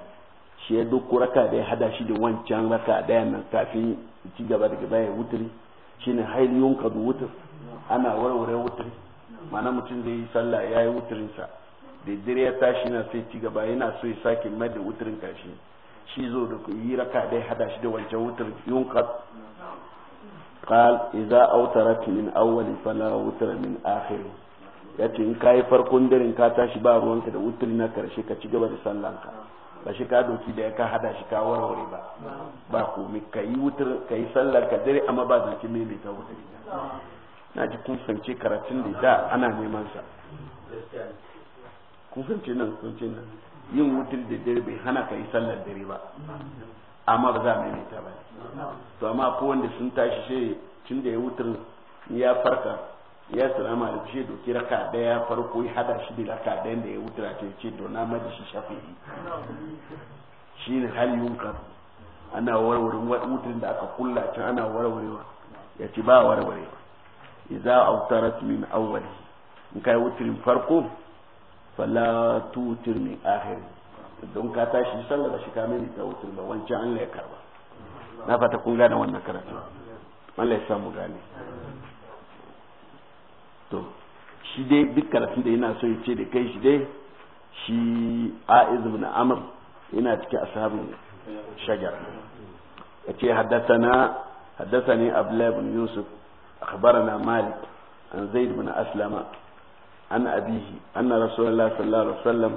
shi ya duk raka da ya hada shi da wancan raka daya nan kafin ci gaba da gaba ya wuturi ne hail yunka da wutur ana warware wuturi ma'ana mutum zai yi sallah ya yi wuturinsa da dare ya tashi na sai ci gaba yana so ya sake mai da wuturin kashi shi zo da yi raka da ya hada shi da wancan wuturin yunka قال إذا أوترت من أول فلا وتر من آخر yace in kayi farkon daren ka tashi ba ruwanka da wuturi na karshe ka ci gaba da sallanka ba shi ka doki da ka hada shi ka warware ba ba ku mi yi wutar ka sallar ka dare amma ba zance ki mai ta wuturi na ji kun fance karatun da da ana neman sa kun fance nan kun ce nan yin wutar da dare bai hana ka sallar dare ba amma ba za a maimaita ba to amma ko wanda sun tashi shi tun da ya wutar ya farka ya salama da shi doki raka daya farko ya hada shi da raka daya da ya wutar a ce ce na maji shi shafi'i shi ne hal yunkar ana warware wutar da aka kulla can ana warwarewa ya ce ba warwarewa idza awtarat min awwali in kai wutarin farko fala tutir min akhiri don ka tashi sallah da shi ka mai da wutar ba wancan Allah ya karba na fata kun gane wannan karatu Allah ya samu gane to shi dai duk karatu da yana so ya ce da kai shi dai shi A'iz ibn Amr yana cikin ashabin shajar yace haddathana haddathani Abla ibn Yusuf akhbarana Malik an Zaid ibn Aslama an abihi anna Rasulullah sallallahu alaihi wasallam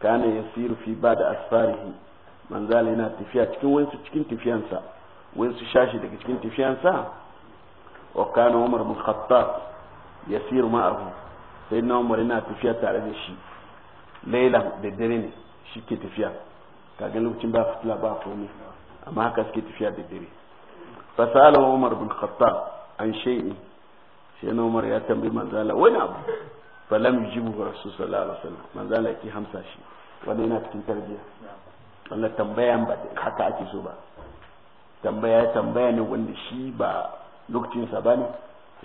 kana yasiru fi da asfarihi manzal yana tafiya cikin wani cikin tafiyansa wani shashi daga cikin tafiyansa wa kana umar bin khattab yasiru ma'ahu sai na umar yana tafiya tare da shi laila da dare ne shi ke tafiya ga lokacin ba fitila ba komai amma haka suke tafiya da dare fasala umar bin khattab an shay'in sai na umar ya tambayi manzala wani abu falam yujibu rasul sallallahu alaihi wasallam manzo Allah yake hamsa shi wannan yana cikin tarbiyya wannan tambaya ba haka ake so ba tambaya tambaya ne wanda shi ba lokacin sa bane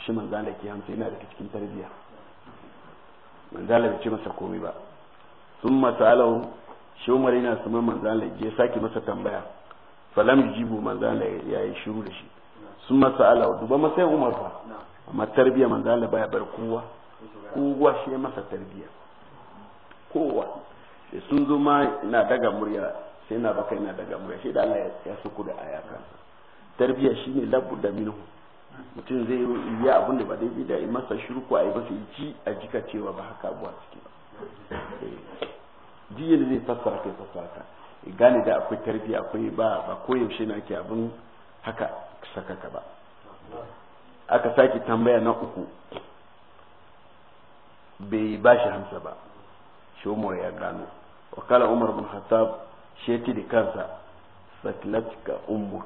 shi manzo Allah yake hamsa yana daga cikin tarbiyya manzo Allah bai ce masa komai ba sun sa'alahu shi Umar yana saman manzo Allah ya saki masa tambaya falam yujibu manzo Allah ya yi shiru da shi sun masa ala duba masai umar fa amma tarbiyya manzo Allah baya bar kowa kowa shi ya masa tarbiyya kowa sai sun zo ma na daga murya sai na baka na daga murya shi da Allah ya suku da aya kansa tarbiyya shine labu da minhu mutum zai yi abin da ba dai da yi masa shirku a yi sai ji a jika cewa ba haka abuwa ciki ba eh, jiya zai fassara kai fassara ka gane da akwai tarbiyya akwai ba ba koyaushe na ke abin haka saka ka ba aka sake tambaya na uku bai ba shi hamsa ba shi umar ya gano wakala umar bin khattab sheti da kansa saklatka ummu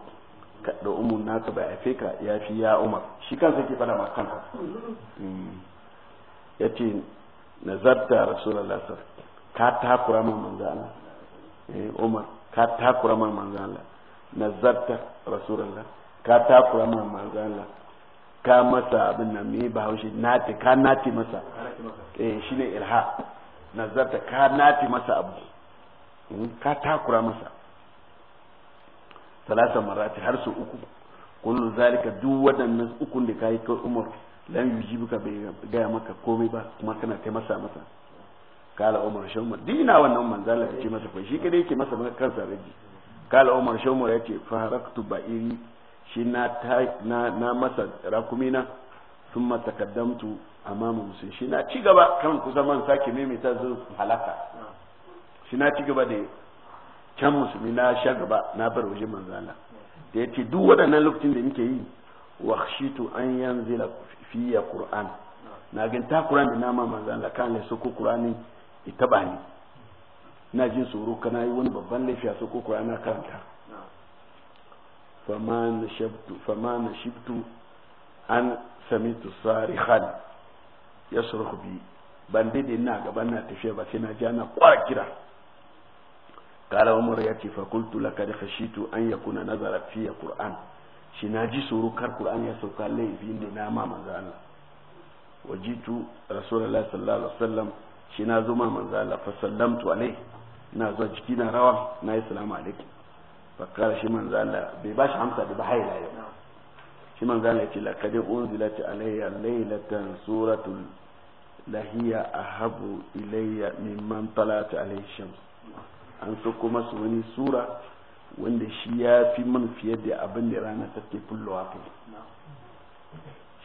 ka da ummu naka bai haife ka ya fi ya umar shi kansa ke fada ma na zarta mm. nazarta lasar. ka takura min manzana eh, umar ka takura manzana na zarta nazarta lasar. ka takura min manzana ka masa abin nan me bahaushe nati ka nati masa eh shine irha nazarta ka nati masa abu ka takura masa talata marati har su uku kullu zalika duk waɗannan ukun da kai kai umar lan yujibuka bai gaya maka komai ba kuma kana ta masa masa kala umar shauma dina wannan manzala ya ce masa kai shi kadai yake masa kansa raji kala umar shaumar ya ce fa haraktu ba'iri shi na masa rakumina sun masa kaddamtu a musu shi na ci gaba kan kusa man sake maimaita zuwa halaka shi na ci gaba da can musulmi na sha gaba na bar waje manzala da ya ce duk waɗannan lokacin da muke yi wa khshitu an da fiye qur'an na gan ta qur'an da nama manzala kan ne soko qur'ani ita ba ni na jin tsoro kana yi wani babban laifi a soko na karanta fama na na shibtu an samitu sarihan ya surku bi ban dade gaba na tafiya ba sai na ji ana kwara kira kala umar ya ce fa qultu laqad khashitu an yakuna nazara fi qur'an shi na ji tsoro kar qur'an ya sauka laifin da na ma manzo Allah wajitu rasulullahi sallallahu alaihi wasallam shi na zo ma manzo Allah fa sallamtu alaihi na zo jiki rawa na yi salamu alaikum fakara shi manzo ba shi amsa da ba haila yau shi manzo Allah yake laqad unzilat alayya laylatan suratul lahiya ahabu ilayya mimman talat alayhi shams an so su wani sura wanda shi ya fi man fiye da abin da rana take fullowa kai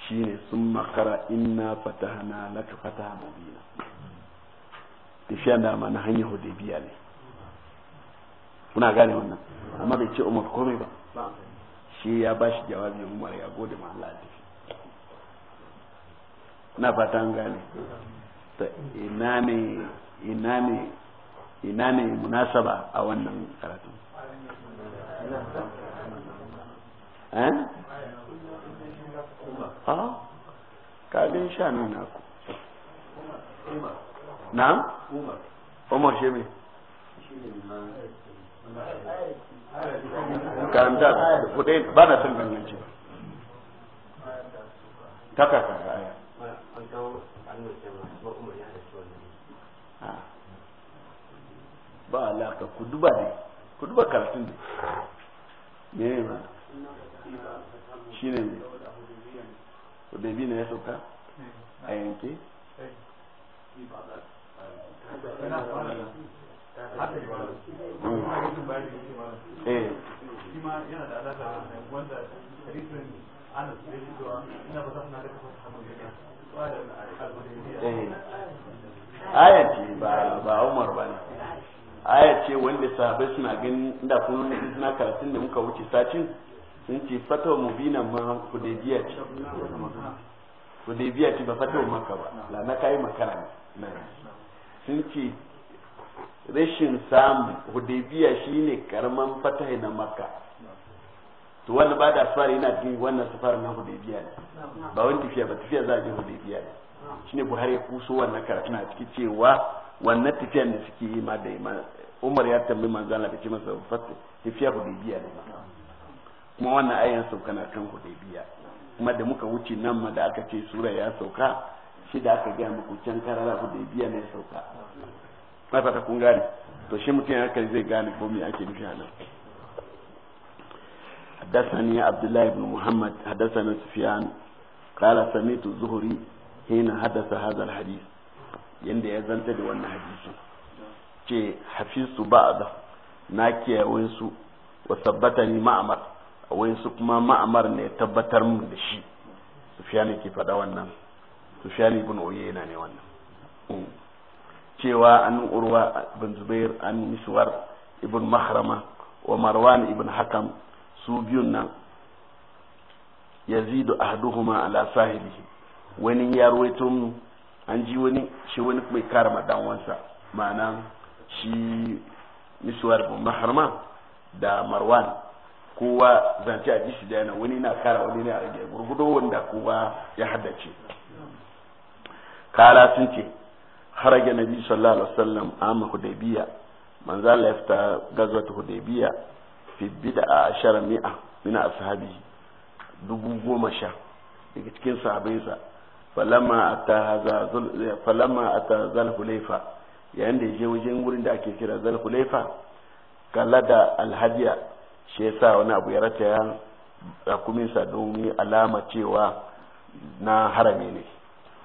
shine sun makara inna fatahna laka fataha mubina tafiya da mana hanyar hudaybiya ne kuna gane wannan amma bai ce umar komai ba shi ya ba shi jawabi umar ya gode ma Allah da na fata an gane ta ina ne ina ne ina ne munasaba a wannan karatu eh ha, ah, ka ga sha ku na umar umar shi me karanta da kudai ba na son ganganci ba ta kaka ga aya ba alaka ku duba ne ku duba karatun ne me ne ma shi ne ne hudabi ne ya sauka a yanke Thank you. aya ce ba Umar ba ne aya ce wanda sahabbai suna ganin da suna karatun da muka wuce sacin sun ce fatawa mubina ma hudaybiya ce hudaybiya ce ba fatawa maka ba la na kai makara ne sun ce rashin samu hudaybiya shine karaman fatahi na makka to wannan ba da safari yana cikin wannan safari na hudaybiya ne ba wani tafiya ba tafiya za a je hudaybiya ne shine buhari ya kuso wannan karatuna a ciki cewa wannan tafiyan da suke yi ma da umar ya tambayi manzo Allah bace masa fatu tafiya hudaybiya ne kuma wannan ayan sauka na kan hudaybiya kuma da muka wuce nan ma da aka ce sura ya sauka shi da aka gaya muku can karara hudaybiya ne sauka na fata kun gane to shi mutum ya kai zai gane ko me ake nufi anan حدثني عبد الله بن محمد حدثنا سفيان قال سمعت الزهري حين حدث هذا الحديث yanda ya zanta da wannan hadisi ce hafizu ba'da na kiyaye su wa sabbatani ma'amar wayansu kuma ma'amar ne tabbatar mun da shi sufyan ke faɗa wannan sufyan ibn uyayna ne wannan cewa an urwa ibn zubair an miswar ibn mahrama wa marwan ibn hakam su biyun nan yazidu ahduhuma ala sahibihi wani ya mu an ji wani shi wani mai kara madanwansa ma'ana shi miswar ibn mahrama da marwan kowa zance a jishi da yana wani na kara wani ne a gurgudo wanda kowa ya haddace kala sun ce haraja nabi sallallahu alaihi wasallam am hudaybiya manzo Allah ya fita hudaybiya fi bid'a ashara mi'a min ashabi dubu goma sha daga cikin sa falamma ata hadha falamma ata zal hulayfa yayin da je wajen wurin da ake kira zal hulayfa kala da alhadiya shi yasa wani abu ya rataya rakuminsa domin alama cewa na harame ne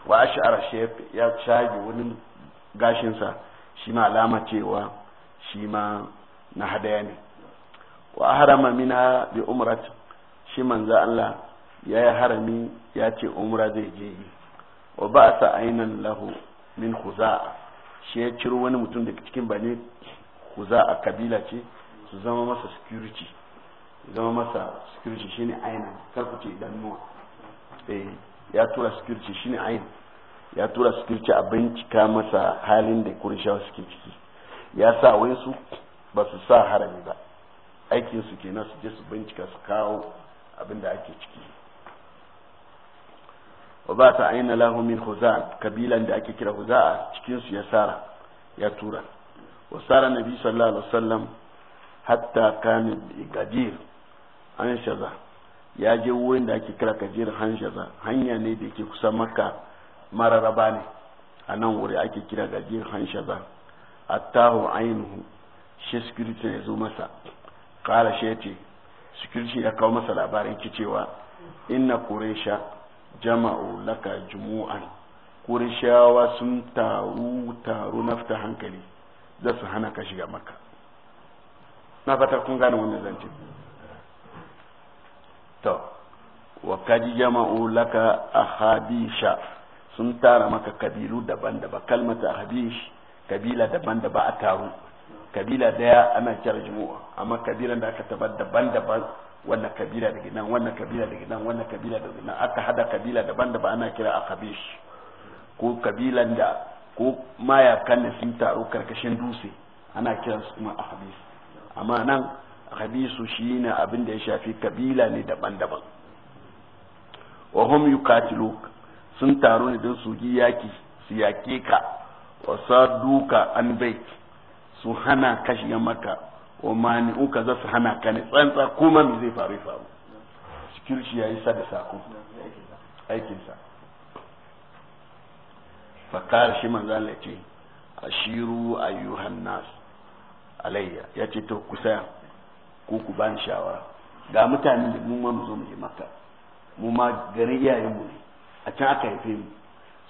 wa ash'ar shef ya shage wani gashinsa shi ma alama cewa shi ma na hadaya ne wa harama mina bi umrat shi manzo Allah ya yi harami ya ce umra zai je yi wa ba sa ainan lahu min khuza shi ya ciro wani mutum daga cikin bane a kabila ce su zama masa security zama masa security shine ainan kar ku ce nuwa eh ya tura sikirci shine ayin ya tura security a bincika masa halin da kurishawa suke ciki ya sa su ba su sa harami ba aikin su kenan su je su bincika su kawo abin da ake ciki wa ba ta aina lahu min kabilan da ake kira huza a cikinsu ya sara ya tura wa sara nabi sallallahu alaihi wasallam hatta kana gadir an shaza ya je wurin da ake kira kajiyar hanshaza hanya ne da ke kusa maka mararaba ne a nan wuri ake kira gajiyar hanjaza attahu ainihu shi security ya zo masa kara shi ya ce security ya kawo masa labarin ki cewa inna kuresha jama'u laka jumu'an kureshawa sun taru taru nafta hankali za su hana ka shiga maka na fata kun gane wannan zance to wa kaji jama'u laka ahadisha sun tara maka kabilu daban-daban kalmata ahadish kabila daban-daban a taru kabila daya ana kira amma kabilan da aka tabar daban-daban wannan kabila da nan wannan kabila da nan wannan kabila da nan aka hada kabila daban-daban ana kira akabish ko kabilan da ko mayakan da sun taru karkashin dutse ana kiransu kuma akabish amma nan khabisu shine abin da ya shafi kabila ne daban-daban wa hum yuqatiluk sun taru ne don su yaki su yake ka wa saduka an bait su hana kashi maka wa mani uka za su hana ka ne tsantsa kuma me zai faru faru sikirci yayi sa da sako aikinsa fakar shi manzan ya ce ashiru ayyuhan nas alayya ya ce to kusa ko ku bani shawara ga mutane da mu ma mu zo mu je maka mu ma gari iyayen mu ne a can aka haife mu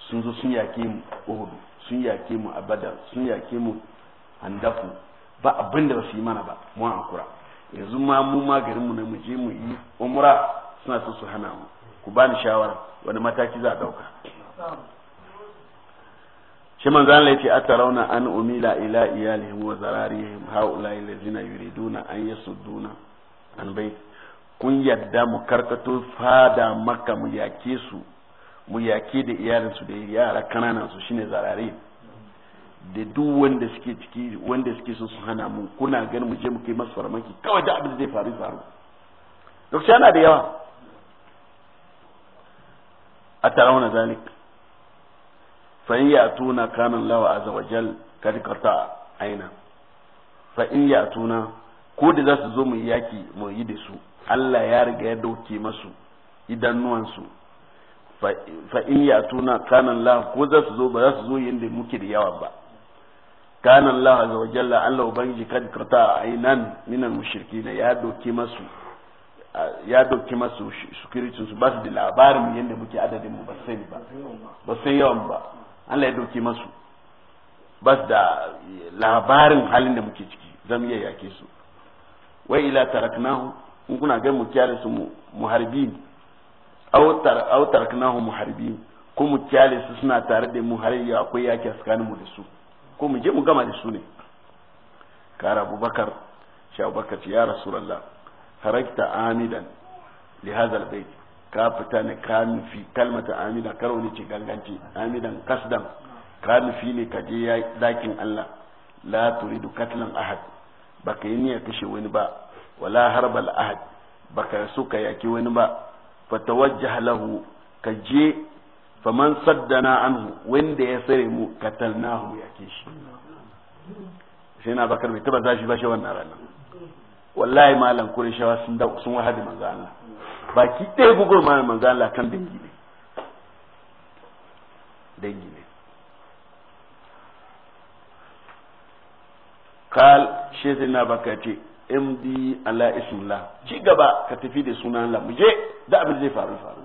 sun zo sun yake mu Uhud sun yake mu abada sun yake mu Handaku ba abin da ba su yi mana ba mu an kura yanzu ma mu ma garin mu ne mu je mu yi umra suna so su hana mu ku bani shawara wani mataki za a dauka shi manzo Allah yace atarawna an umila ila iyalihim wa zararihim haula allazina yuriduna an yasudduna an bai kun yadda mu karkato fada maka mu yake su mu yake da su da yara kananan su shine zarare da duk wanda suke ciki wanda suke so su hana mu kuna ganin mu je mu kai masu farmaki kawai da abin da zai faru faru duk yana da yawa a tarauna zalika fa'in ya tuna kanan lawa a zawajal karkata aina fa'in ya tuna ko da za su zo mu yaki mu yi da su Allah ya riga ya dauke masu idanuwansu fa'in ya tuna kanan lawa ko za zo ba za zo yadda muke da yawa ba kanan lawa a zawajal Allah ubangiji karkata ainan minan mushriki da ya dauke masu ya dauki masu sukiricin ba su da labarin yadda muke adadin mu ba sani yawan ba Allah ya dauke masu bas da labarin halin da muke ciki zan iya yake su wai ila taraknahu in kuna ga mu kyale su muharibin aw tar aw taraknahu muharibin ko mu kyale su suna tare da mu har ya akwai yaki tsakanin mu da su ko mu je mu gama da su ne kara abubakar shi ya rasulullah harakta amidan li hadha albayt ka fita ne ka nufi kalmata amina karo ne ce ganganci amidan kasdan ka nufi ne ka je dakin Allah la turidu katlan ahad baka yi niyyar kashe wani ba wala harbal ahad baka so ka yaki wani ba fatawajjah lahu ka je faman saddana anhu wanda ya sare mu katalnahu yake shi sai na bakar mai taba zashi ba shi wannan ranar wallahi malam kurishawa sun sun wahadi manzo Allah baki ɗaya gugur ma manzo Allah kan dangi ne dangi ne kal shi na baka ce md ala isula ci gaba ka tafi da sunan Allah mu je da abin zai faru faru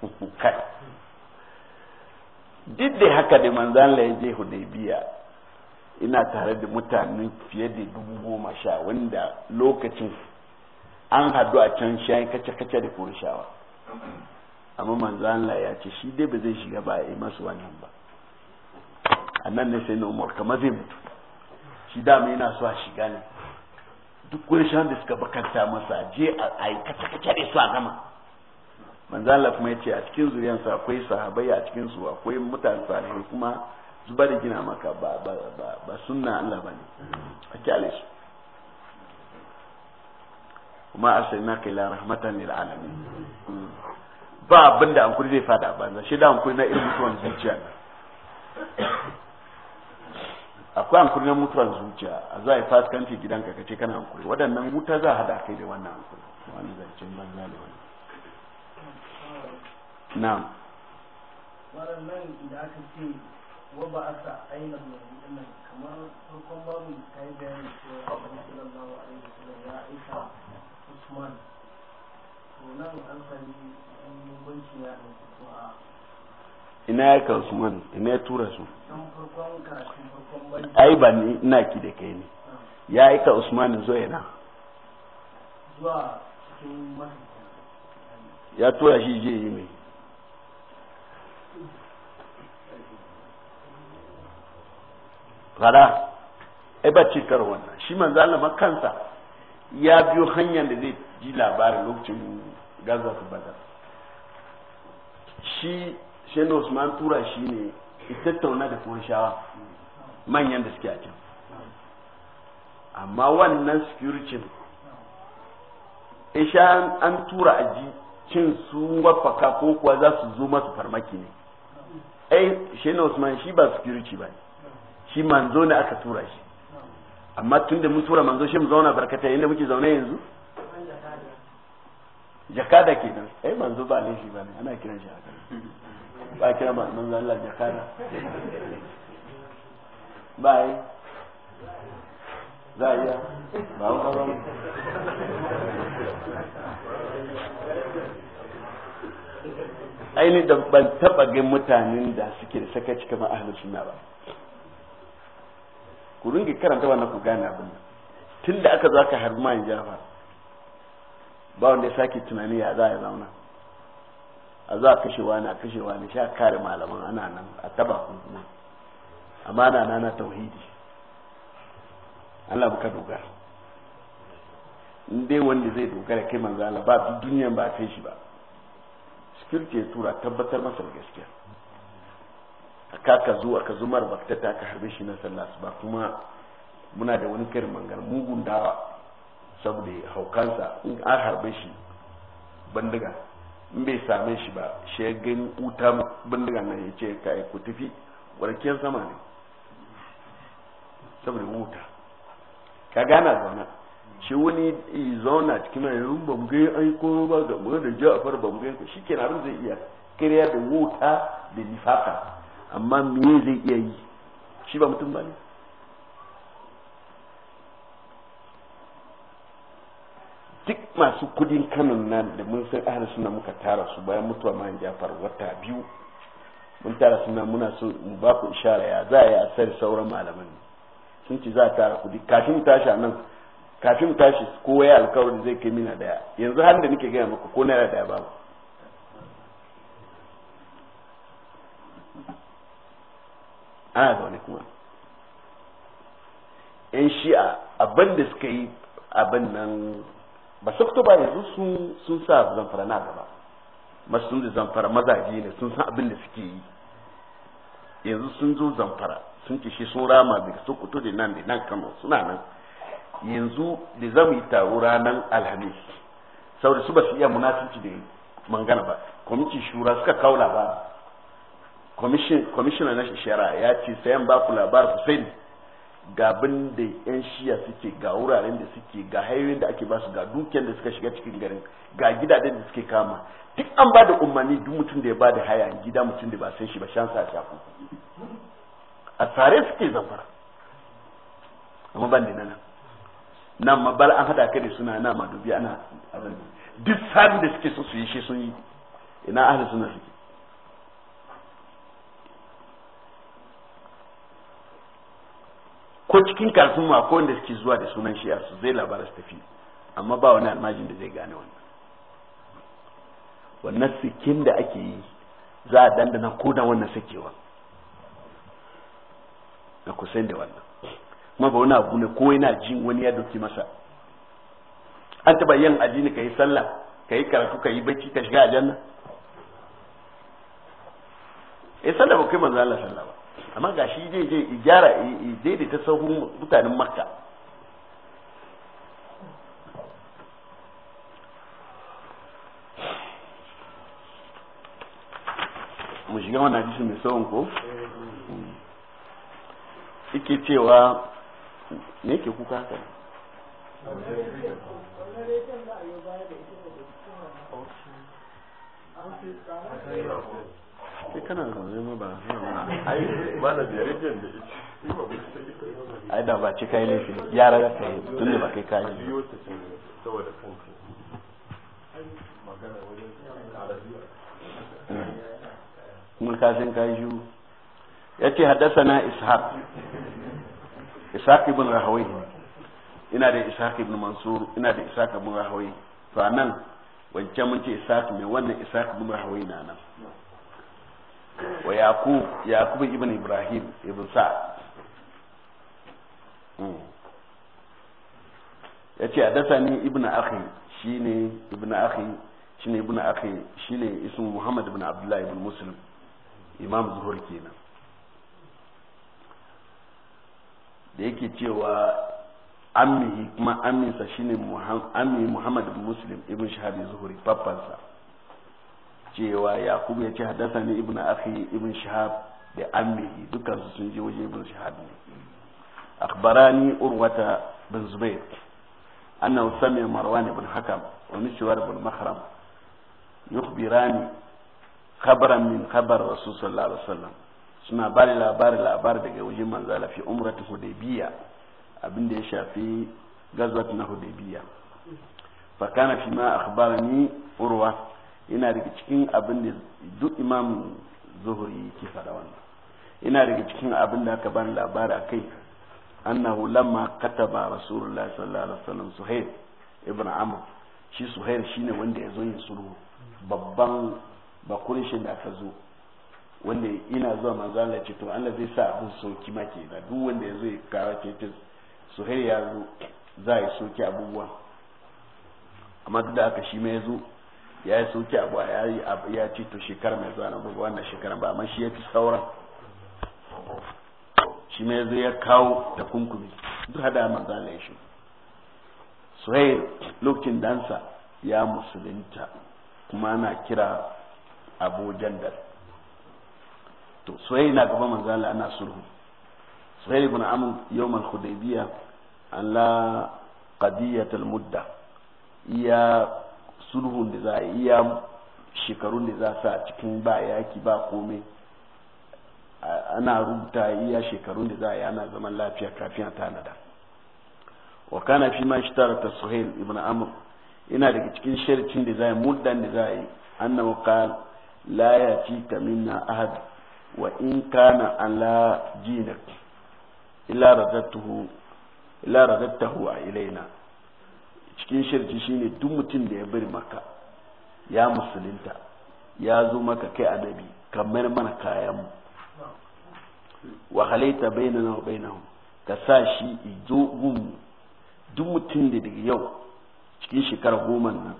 kai duk da haka da manzo Allah ya je Hudaybiya ina tare da mutanen fiye da dubu goma sha wanda lokacin an haɗu a can shayin kace-kace da kurushawa amma manzo Allah ya ce shi dai ba zai shiga ba yi masu wannan ba annan ne sai na umar kamar zai mutu shi dama yana so a shiga ne duk shan da suka bakanta masa je a yi kace-kace da su a gama manzo Allah kuma ya ce a cikin zuriyarsa akwai sahabai a cikin su akwai mutane salihai kuma zuba da gina maka ba ba ba sunna Allah bane a kuma arsalnaka ila rahmatan lil alamin ba abin da hankuri zai fada banza shi da hankuri na irin mutuwan zuciya akwai hankuri na mutuwan zuciya a za a yi fasikanci gidanka ka ce kana hankuri waɗannan wuta za a kai da wannan hankuri wani zancen banza da wani na'am Wannan nan da aka ce wa ba a sa aina mai kamar farkon babu kai bayani cewa sallallahu alaihi wasallam ya aika usman nan an ya ina ya ka usman ina ya tura su ai ba ni ina ki da kai ne ah. ya aika usman zo yana ya tura shi je yi mai Rada, ai ba cikar wannan shi manzo Allah kansa ya biyo hanyar da zai ji labarin lokacin gaza su badar shi shaidu usman tura shi ne tattauna da kuma shawa manyan da suke a can amma wannan security isha an tura a ji cin sun wafaka ko kuwa za su zo masu farmaki ne ai shi na usman shi ba security ba shi manzo ne aka tura shi amma tun da mun tura manzo shi mu zauna barkata inda muke zaune yanzu jakada nan eh manzo ba shi ba ne ana kiran shi haka ba kira manzo Allah jakada ba yi za a iya ba mu ba aini da ban taba ga mutanen da suke da sakaci kamar ahlus na ba ku ringa karanta wannan ku gane abin nan tun da aka zo aka harbi man jafa ba wanda ya sake tunani ya za a zauna a za a kashe wani a kashe wani sha kare malaman ana nan a taba kuma amana na na tauhidi Allah buka dogara in dai wanda zai dogara kai manzo Allah ba duniyan ba kai shi ba security ya tura tabbatar masa gaskiya ka ka zo aka zumar bakta ta ka harbe shi na sallah ba kuma muna da wani karin mangar mugun dawa saboda haukansa in an harbe shi bandiga in bai same shi ba shi ya gani wuta bandiga nan ya ce ka aiko tafi warkiyar sama ne saboda wuta ka gana zauna shi wani zauna cikin mai yin bamgai ai ko ba ga mu da ya bamgai shi kenan zai iya kariya da wuta da nifaka amma me zai iya yi shi ba mutum ba ne duk masu kudin kanon nan da mun san ahar suna muka tara su bayan mutuwa man jafar wata biyu mun tara suna muna so mu ba ku ishara ya za a yi asar sauran malaman sun ce za a tara kudi kafin mu tashi nan kafin mu tashi kowa ya alkawarin zai kai mina daya yanzu hannun da nake gaya maka ko naira daya babu ana wani kuma yan shi'a abin da suka yi abin nan ba su ba yanzu sun sa zamfara na gaba masu sun da zamfara mazaje ne sun san abin da suke yi yanzu sun zo zamfara sun ce shi sun rama daga kuto da nan da nan kano suna nan yanzu da mu yi taro ranar alhamis saboda su ba su iya munafici da mangana ba kwamitin shura suka kawo labarin kwamishina na shari'a ya ce sayan ba ku labar ku ga bin da yan shiya suke ga wuraren da suke ga hayoyin da ake basu ga dukiyar da suka shiga cikin garin ga gidajen da suke kama duk an ba da umarni duk mutum da ya ba da haya gida mutum da ba san shi ba shan sa shafu a tsare suke zamfara amma ban da nan nan ma bar an hada kai da suna na madubi ana duk sabi da suke so su yi shi sun yi ina ahli suna suke ko cikin kasu ma ko wanda suke zuwa da sunan shi su zai labara su tafi amma ba wani almajin da zai gane wannan wannan sikin da ake yi za a dandana ko da wannan sakewa na kusan da wannan kuma ba wani abu ne ko yana jin wani ya doki masa an taba yin addini ka yi sallah ka yi karatu ka yi bacci ka shiga aljanna eh sallah ba kai manzo Allah sallah amma ga shi zai je gyara daidaita sahun mutanen makka mu shiga wani hadisi mai tsawon ko ike cewa ne ke kuka haka Thank you. kana zaune ma ba ai ba da jarijin da ai da ba ci kai laifi yara ka yi tun da ba kai kaji saboda kanki magana wajen kuma ka san ka shi yace haddathana ishaq ishaq ibn rahawi ina da ishaq ibn mansur ina da ishaq ibn rahawi to anan wancan mun ce ishaq mai wannan ishaq ibn rahawi na nan wa yaqub yaqub ibn ibrahim ibn sa'd hmm. yace hadathani ibn akhi shine ibn akhi shine ibn akhi shine ismu muhammad ibn abdullah ibn muslim imam zuhur kenan da yake cewa ammi kuma amminsa shine muhammad ibn muslim ibn shahabi zuhuri babbansa cewa yakub ya ce haddasa ne ibn akhi ibn shahab da ammihi dukkan su sun je waje ibn shahab ne akhbarani urwata bin zubair annahu sami marwan ibn hakam wa mishwar ibn mahram yukhbirani khabaran min khabar rasul sallallahu alaihi wasallam suna ba da labari labari daga wajen manzala fi umratu hudaybiya abinda ya shafi gazwat na hudaybiya fa kana fi ma akhbarani urwa ina daga cikin abin da duk imam zuhuri yake fada wannan ina daga cikin abin da aka bani labari a kai annahu lamma kataba rasulullah sallallahu alaihi wasallam suhail ibn amr shi suhail shine wanda ya zo yin sulhu babban bakurishin da aka zo wanda ina zuwa manzo Allah ce to Allah zai sa abin soki ma ke da duk wanda ya zo ya kawo ce suhail ya zo za yi soki abubuwa amma duk da aka shi ma ya zo ya yi sauki abu a yayi abu ya ce to shekara mai zuwa na buga wannan shekara ba amma shi ya fi sauran shi mai zai ya kawo da kunkumi duk hada manzo Allah shi suhair lokacin dansa ya musulinta kuma na kira abu jandar to suhair na gaba manzo Allah ana sulhu suhair ibn amr yawm al-hudaybiyah ala qadiyat mudda ya sulhun da za a iya shekarun da za a sa cikin ba yaki ba komai ana rubuta iya shekarun da za a yi ana zaman lafiya kafin a tanada wa kana fi ma shi tara suhail ibn amr ina daga cikin sharcin da za a yi muddan da za a yi annahu qala la yati ka minna ahad wa in kana ala jinak illa ila illa radatahu ilaina cikin shirki shine duk mutum da ya bari maka ya musulunta ya zo maka kai annabi kamar mana kayan mu wa halaita bainana wa bainahum ka sa shi izo gun duk mutum da daga yau cikin shekara goma nan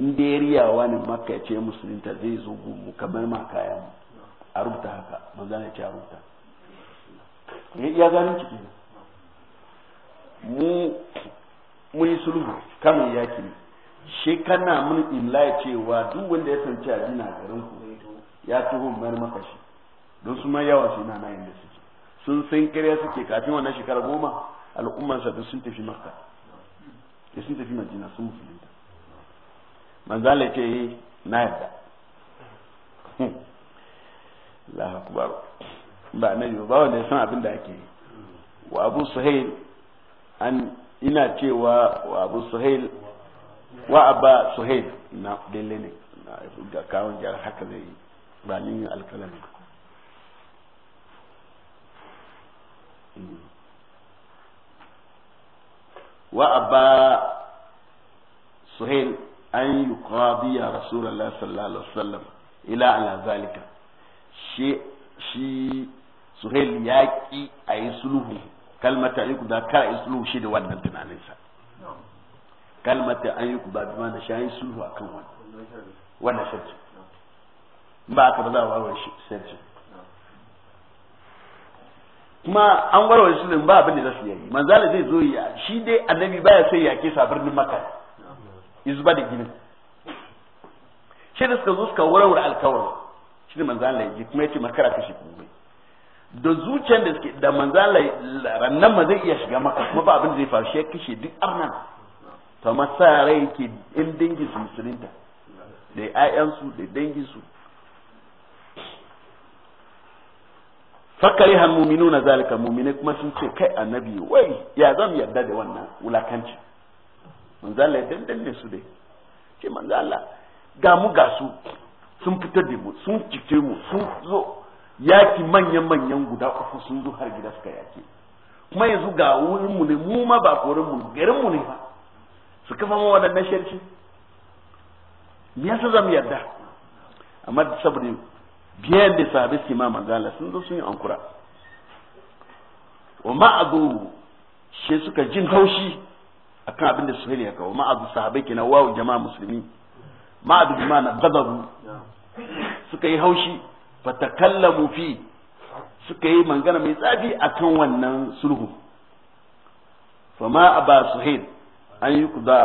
in da ya riyawa ne maka ya ce musulunta zai zo gun kamar ma kayan mu a rubuta haka manzana ya ce a rubuta ya ganin ciki mu mun yi sulhu kamun yaki ne shi kana mun imla cewa duk wanda ya sanci addini a garin ku ya tuhu mai makashi don su ma yawa shi na nayin da suke sun san su suke kafin wannan shekara goma al'umman sa sun tafi makka da sun tafi madina sun musulunta manzala ce eh, na yadda hmm. Allahu akbar ba na yi ba wanda ya san abin da ake yi wa abu suhail an ina cewa wa abu suhail wa abba suhail na dalle ne na ga kawon jar haka zai yi ba ni alkalami wa abba suhail an yi qadiya rasulullah sallallahu alaihi wasallam ila ala zalika shi shi suhail ya ki a yi sulhu kalmata ayyuku yukuda ka in sulhu shi da wannan tunaninsa kalmata an ba kuma da shayin an sulhu akan wannan wannan sharci ba aka ba za a warware shi sharci kuma an warware shi ba abin da za su yi Allah zai zo ya shi dai annabi baya sai ya kesa birnin makka izuba da ginin shi da suka zo suka warware alkawari shi ne Allah ya ji kuma ya ce makara kashi kuma da zuciyar da suke da manzala rannan ma zai iya shiga maka kuma ba abin zai faru shi ya kashe duk arnan to amma sa rai yake in dangi su musulunta da su da dangi su fakari han mumino na zalika mumine kuma sun ce kai annabi wai ya zan yarda da wannan wulakanci manzala ya ne su dai ce manzala ga mu ga su sun fitar da mu sun cike mu sun zo yaki manyan manyan guda uku sun zo har gida suka yake kuma yanzu ga wurin mu ne mu ma ba korin mu garin mu ne ba su kafa mu wadannan sharci me yasa zamu yarda amma saboda biyan da sahabbai su ma manzala sun zo sun yi ankura wa ma'adu she suka jin haushi akan abin da suhaili ya kawo ma'adu sahabai kenan wawu jama'a musulmi ma'adu jama'a na gadabu suka yi haushi fatakallamu fi suka yi mangana mai tsafi akan wannan sulhu fama aba suhail an yi kuda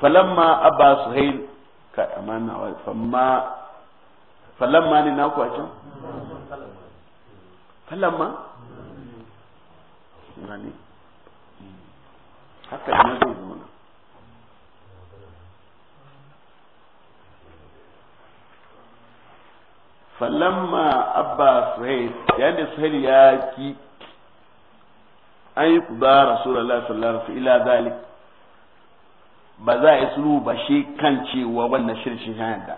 falamma aba suhail ka amana wa famma falamma ne na ku a can falamma haka ne zai zauna falamma abba suhail yayin da suhail ya ki an yi kuda rasulullah sallallahu alaihi ila zalik ba za a yi sulhu ba shi kan cewa wannan shirshin hanyar da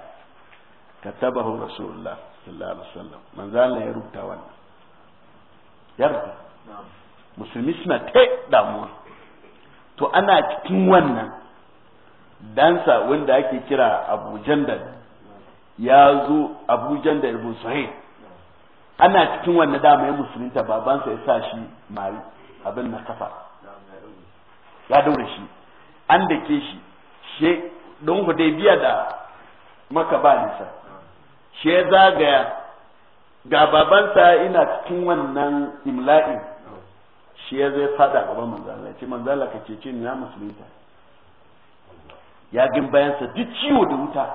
katabahu rasulullah sallallahu alaihi wasallam manzo Allah ya rubuta wannan yarda rubuta musulmi suna ta damuwa to ana cikin wannan dansa wanda ake kira Abu Jandal ya zo abujan da ibn sahih ana cikin wannan dama ya musulunta babansa ya sa shi mari abin na kafa ya daure shi an dake shi she don hudaybiya da maka ba nisa she zagaya ga babansa ina cikin wannan imla'in shi ya zai fada gaban manzala ya ce manzala ka ce ni na musulunta ya gin bayansa duk ciwo da wuta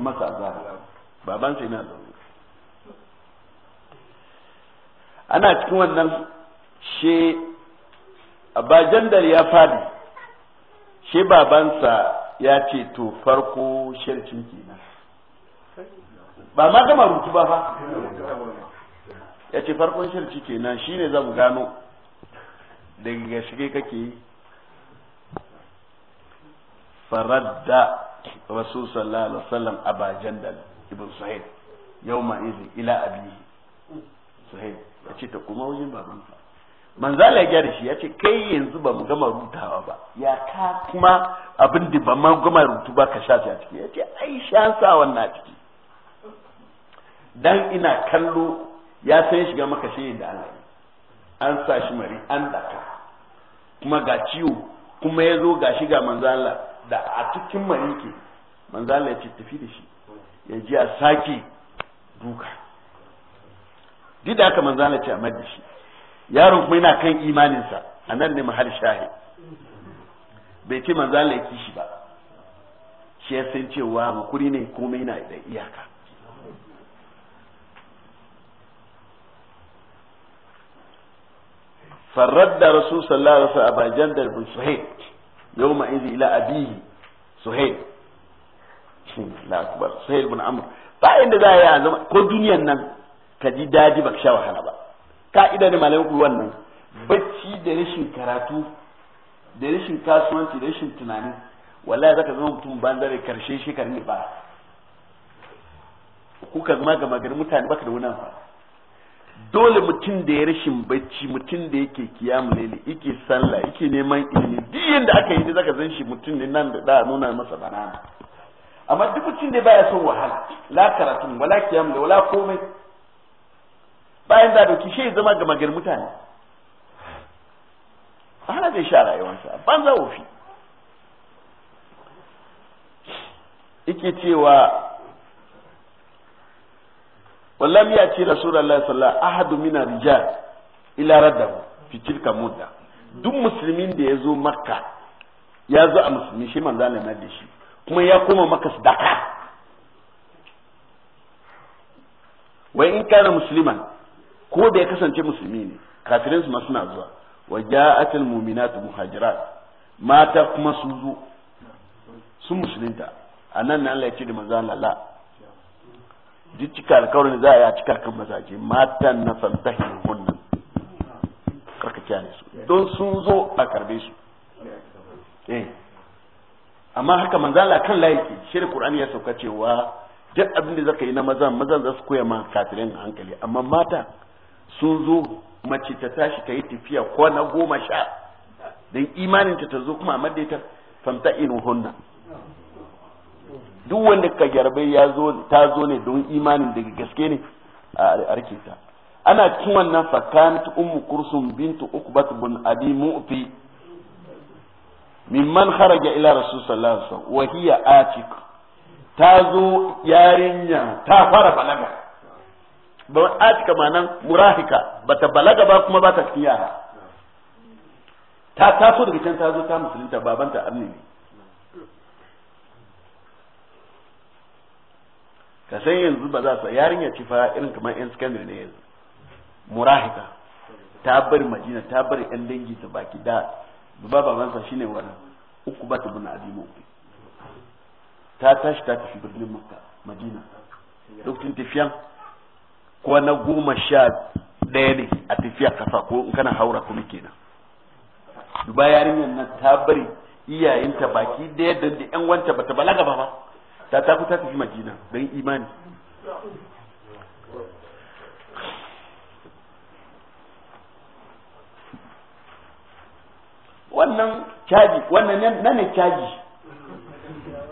masa azaba sa yana zaune ana cikin wannan she abajandar ya fadi she babansa ya ce to farko shirkin kenan ba ma gama rutu ba fa ya ce farkon sharci kenan shine zamu gano daga shige kake yi faradda rasul sallallahu alaihi wasallam aba jandal ibn sahid yawma izi ila abi sahid yace ta kuma wajen babansa manzala ya gyara shi yace kai yanzu ba mu gama rutawa ba ya ka kuma abin da ba mu gama rutu ba ka shafi a ciki Yace, ce ai sha sa wannan a ciki dan ina kallo ya san shiga maka shi da Allah an sa shi mari an daka kuma ga ciwo kuma ya zo ga shiga manzala da a cikin manike manzala ya ce tafi da shi ya ji a sake duka duk da haka manzala ce a mar da shi yaron kuma yana kan imaninsa a nan ne mahal shahi bai ce manzala ya kishi ba shi ya san cewa makuri ne komai na da iyaka فرد رسول صلى الله عليه وسلم أبا جندل بن yawma idhi ila abihi suhail la akbar suhail bin amr ba inda za ya zama ko duniyan nan ka ji ba baka sha wahala ba ka'ida ne malamai ku wannan bacci da rashin karatu da rashin kasuwanci da rashin tunani wallahi zaka zama mutum banzare karshe shekarun ba kuka zama ga magar mutane baka da wani amfani dole mutum da ya rashin bacci mutum da yake kiyamu ne yake sallah yake neman ilimi duk da aka yi ne zaka san shi mutum ne nan da da nuna masa banana amma duk mutum da baya son wahala la karatun wala kiyamu da wala komai bayan da doki shi zama ga magar mutane hana zai sha rayuwarsa banza wofi yake cewa wallam ya ce rasulullahi sallallahu alaihi ahadu min rijal ila radda fi tilka mudda duk musulmin da ya zo makka ya zo a musulmi shi manzo Allah da shi kuma ya koma maka sadaka Wa in kana musliman ko da ya kasance musulmi ne kafirin su ma suna zuwa wa ja'atul mu'minatu muhajirat mata kuma su zo sun musulunta anan nan Allah ya ce da manzo Allah duk cika alkawarin za a yi a cika kan mazaje matan na fantahin karka karkaciya ne su don sun zo a karbe su eh. amma haka manzala kan layiki shirin qur'ani ya sauka cewa duk abin da zaka yi na mazan mazan za su koya ma kafirin hankali amma mata sun zo mace ta tashi ta yi tafiya kwana goma sha don imanin ta ta zo kuma a madaita famta hunna duk wanda ka gyarbe ya zo ta zo ne don imanin daga gaske ne a arke ta ana cikin wannan fakan ummu kursum bintu ukbat bin abi mu'fi mimman kharaja ila rasul sallallahu alaihi wasallam wa hiya atik ta zo yarinya ta fara balaga ba atika manan murahika bata balaga ba kuma ba cikin yara ta taso daga can ta zo ta musulunta babanta annabi ka san yanzu ba za su yarinya ce fa irin kamar yan secondary ne yanzu murahika ta bar majina ta bar yan dangi ta baki da ba ba mansa shine wannan uku ba ta bin azimu ta tashi ta tafi birnin makka madina lokacin tafiyan na goma sha ɗaya ne a tafiya kasa ko in kana haura kuma kenan duba yarinyar nan ta bari iyayenta baki daya da yan wanta bata balaga ba ba ta tafi ta tafi madina don imani wannan caji wannan nan ne caji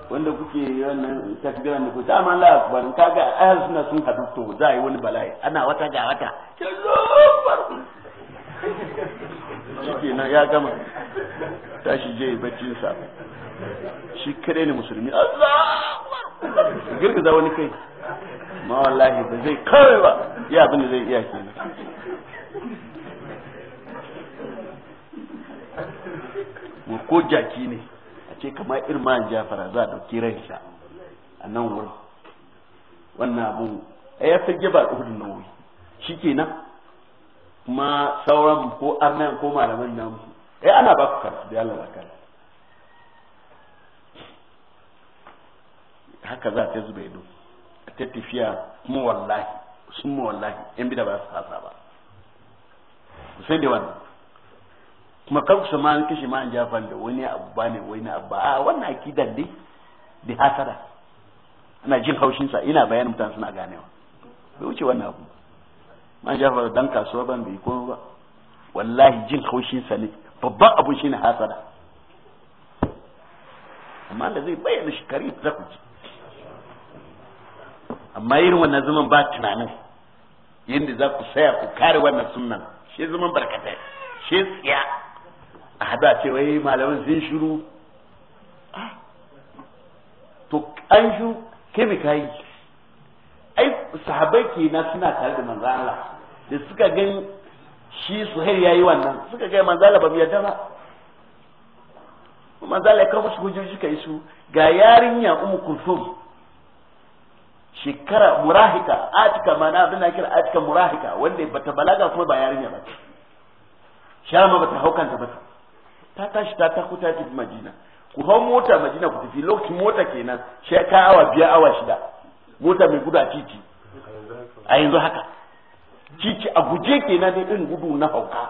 wanda kuke wannan takbira da ko ta amma Allah ku akbar kaga ayar suna sun hadu to za a yi wani bala'i ana wata ga wata shike na ya gama tashi je bacci sa shi kare ne musulmi Allah girgiza wani kai ma wallahi ba zai kawai ba ya abin da zai iya kenan mu ko jaki ne a ce kamar irman jafara za a dauki ransa a nan wurin wannan abu ya fi giba uhud nauyi shikenan kuma sauran ko annan ko malaman nan eh ana ba ku karatu da Allah zakar haka za ta zube ido ta tafiya kuma wallahi sun mu wallahi bi da ba su hasa ba sai da wannan kuma kan sama ma an kishi ma an jafan da wani abu ba ne wani abu ba a wannan akidan dai da hasara ana jin haushinsa ina bayanin mutane suna ganewa bai wuce wannan abu man jafar dan kasuwa ban bai ko ba wallahi jin haushin sa ne babban abu shine hasada amma da zai bayyana shi kare za ku ji amma irin wannan zaman ba tunanin yadda za ku saya ku kare wannan sunnan shi zaman barkatai shi tsiya a hada ce wai malamin sun shiru ah. to an shu kai mai kayi sahabai kenan suna tare da manzo Allah da suka gan shi Suhail yayi wannan suka ga manzo Allah ba mu yarda ba manzo Allah ya kawo su hujjoji kai su ga yarinya Ummu Kulthum shekara murahika atika mana abin da kira atika murahika wanda bata balaga kuma ba yarinya ba shama bata haukanta ba ta tashi ta tako ta tafi Madina ku hau mota Madina ku tafi lokacin mota kenan shekara awa biya awa shida mota mai guda titi a yanzu haka ciki a guje ke ne din gudu na hauka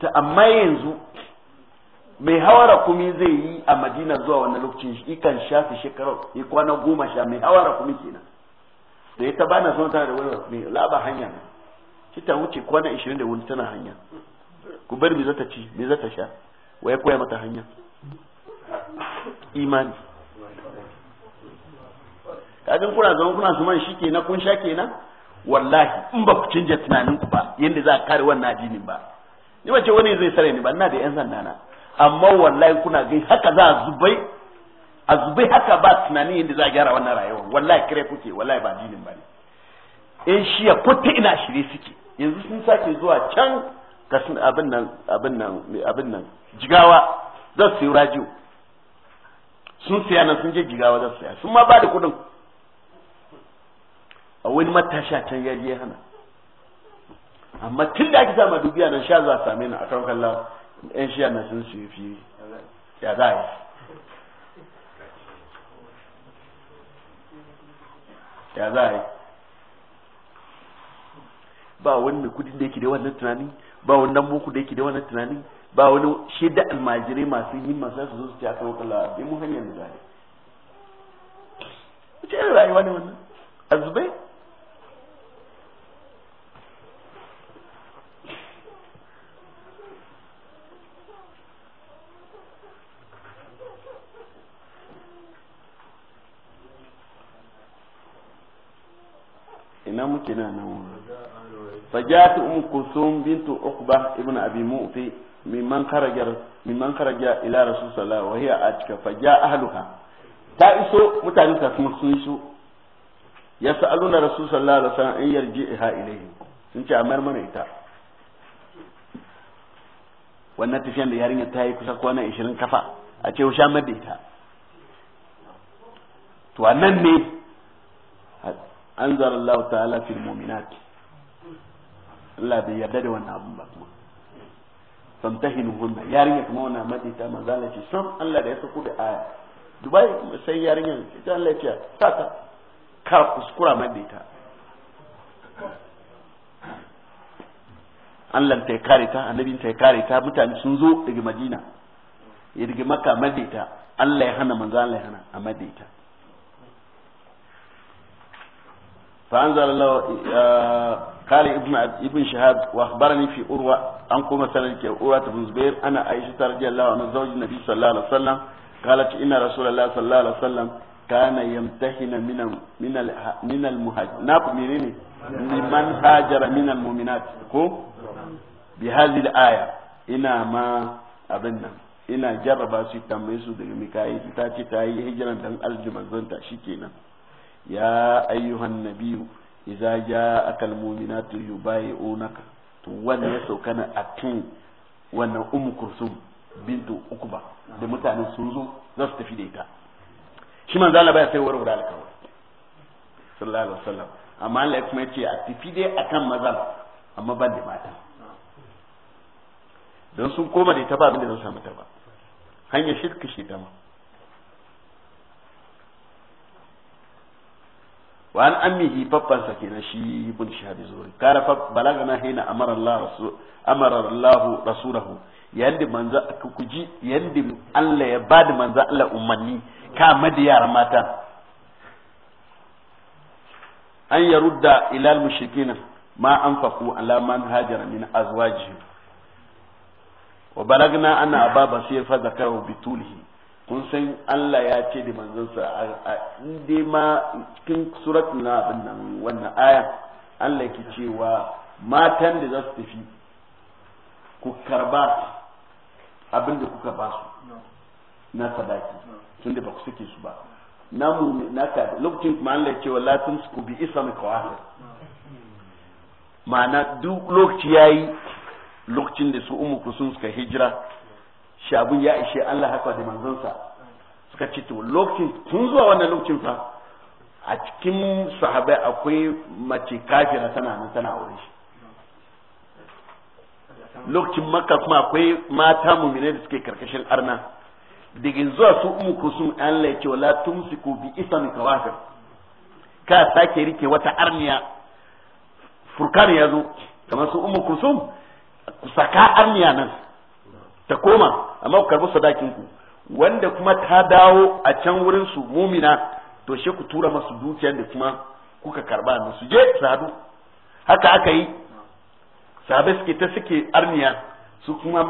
ta amma yanzu mai hawara kumi zai yi a madina zuwa wannan lokacin kan shafi shekarar ya kwana goma sha mai hawara kumi kenan da ya taba bana son tana da wani mai laba hanya ki ta wuce kwana 20 da wani tana hanya ku bar me zata ci me zata sha waya koya mata hanya imani abin kuna zama kuna man shi na kun sha na wallahi in ba ku canja tunaninku ba yadda za a kare wannan addinin ba ni ba ce wani zai sare ni ba ina da yan sanda na amma wallahi kuna gai haka za a zubai a zubai haka ba tunanin yadda za a gyara wannan rayuwa wallahi kare kuke wallahi ba addinin ba ne in shiya ya ta ina shirye suke yanzu sun sake zuwa can ka sun abin nan abin nan abin nan jigawa za su yi rajiyo sun siya nan sun je jigawa za su siya sun ma ba da kuɗin a wani matashi a can je hana amma tun da ake sa ma dubiya nan sha za a same ni a kan kalla yan shiya na sun su fi ya za a yi ya za a yi ba wani mai kudin da yake da wannan tunani ba wani dan boko da yake da wannan tunani ba wani shaida almajirai masu yin masu yasa zo su ce a kan kalla bai mu hanyar da za a yi. rayuwa ne wannan? Azubai? ina muke na nan wurin fajatu um kusum bintu uqba ibnu abi mu'ti mimman kharaja mimman kharaja ila rasul sallallahu alaihi wa hiya atika faja ahluha ta iso mutane ta kuma sun iso yas'aluna rasul sallallahu alaihi wasallam in yarji'ha ilayhi sun ce amar mana ita wannan tafiyan da yarinya ta yi kusa kwana 20 kafa a ce wa shamar da ita to annan ne anzar Allah ta'ala fil mu'minat Allah bai yarda da wannan abin ba kuma famtahinu hunna yarinya kuma wannan madita manzala ce sam Allah da ya sako da aya Dubai sai yarinyar ita Allah ya ce saka ta ka kuskura madita Allah ta kare ta annabi ta kare ta mutane sun zo daga Madina ya daga Makka madita Allah ya hana manzo Allah ya hana a ta فأنزل الله قال ابن ابن شهاب واخبرني في اروى انكم مثلا اروى بن زبير انا عائشه رضي الله عنها زوج النبي صلى الله عليه وسلم قالت ان رسول الله صلى الله عليه وسلم كان يمتحن من من من المهاجر ناب منين لمن هاجر من المؤمنات بهذه الايه ina ma abin nan ina jarraba su tambaye su daga mikayi ta ce ta yi hijiran dan aljumazanta shikenan ya ayyuhan nabiyu idza ja'aka almu'minatu yubayi'unaka to wannan ya sauka na akan wannan ummu kursum bintu ukba da mutanen sun zo su tafi da ita shi manzo Allah baya sai warware alƙawari sallallahu alaihi wasallam amma Allah kuma yace a tafi dai akan mazan amma ban da mata don sun koma da ita ba abin da zan samu ta hanyar shirka shi ta wa an ammihi babban sa kenan shi ibn shihab zuri kana fa balagana hina amara Allah rasul amara Allah rasulahu yanda manzo ku ji yanda Allah ya bada manzo Allah ummanni ka madi yara mata an yarudda ila al mushrikin ma anfaqu ala man hajara min azwajihi wa balagna anna ababa sayfa zakaru bitulihi kun san Allah ya ce da manzonsa in dai ma cikin suratul na abin nan wannan aya Allah yake cewa matan da za su tafi ku karba abin da kuka ba su na sadaki tun da ba ku suke su ba na mu na ka lokacin kuma Allah ya ce wa la tumsiku bi isami kawai ma'ana duk lokaci yayi lokacin da su umu sun suka hijira shi ya ishe Allah haka da manzonsa suka ce to lokacin tun zuwa wannan lokacin fa a cikin sahabai akwai mace kafira tana nan tana aure shi lokacin makka kuma akwai mata mumine da suke karkashin arna daga zuwa su umu kusum Allah ya ce wala tumsiku bi isan kawafir ka sake rike wata arniya furkan ya zo kamar su umu kusum ku saka arniya nan ta koma amma ku karbi sadakin ku wanda kuma ta dawo a can wurin su mumina to she ku tura masu dukiyar da kuma kuka karba su je sadu haka aka yi sahabai suke ta suke arniya su kuma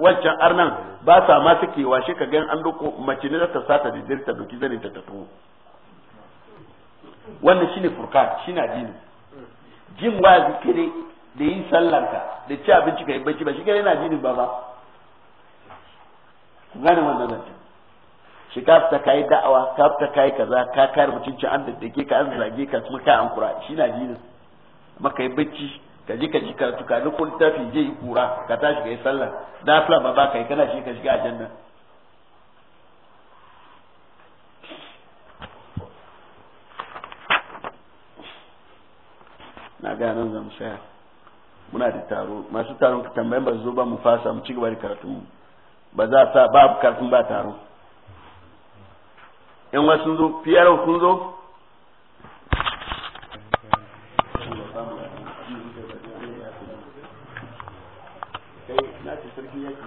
wancan arnan ba sa ma suke washe ka gan an doko mace ne za ta sata da dirta doki zane ta tafi wannan shine furka shine addini jin wazi kire da yin sallanka da ci abinci ka yi bacci ba shi kai yana jini ba ba gane wannan zancen shi ka fita kayi da'awa ka fita kayi kaza ka kare mutunci an daddake ka an zage ka kuma ka an kura shi na jinin maka yi bacci ka je ka ji karatu ka duk littafi je yi kura ka tashi ka yi sallah na fila ba ba ka yi kana shi ka shiga ajanna na ga nan zamu saya muna da taro masu taron ka tambayan ba su zo ba mu fasa mu ci gaba da karatu mu ba za sa ba karfin ba taro in wasu zo fiyar sun zo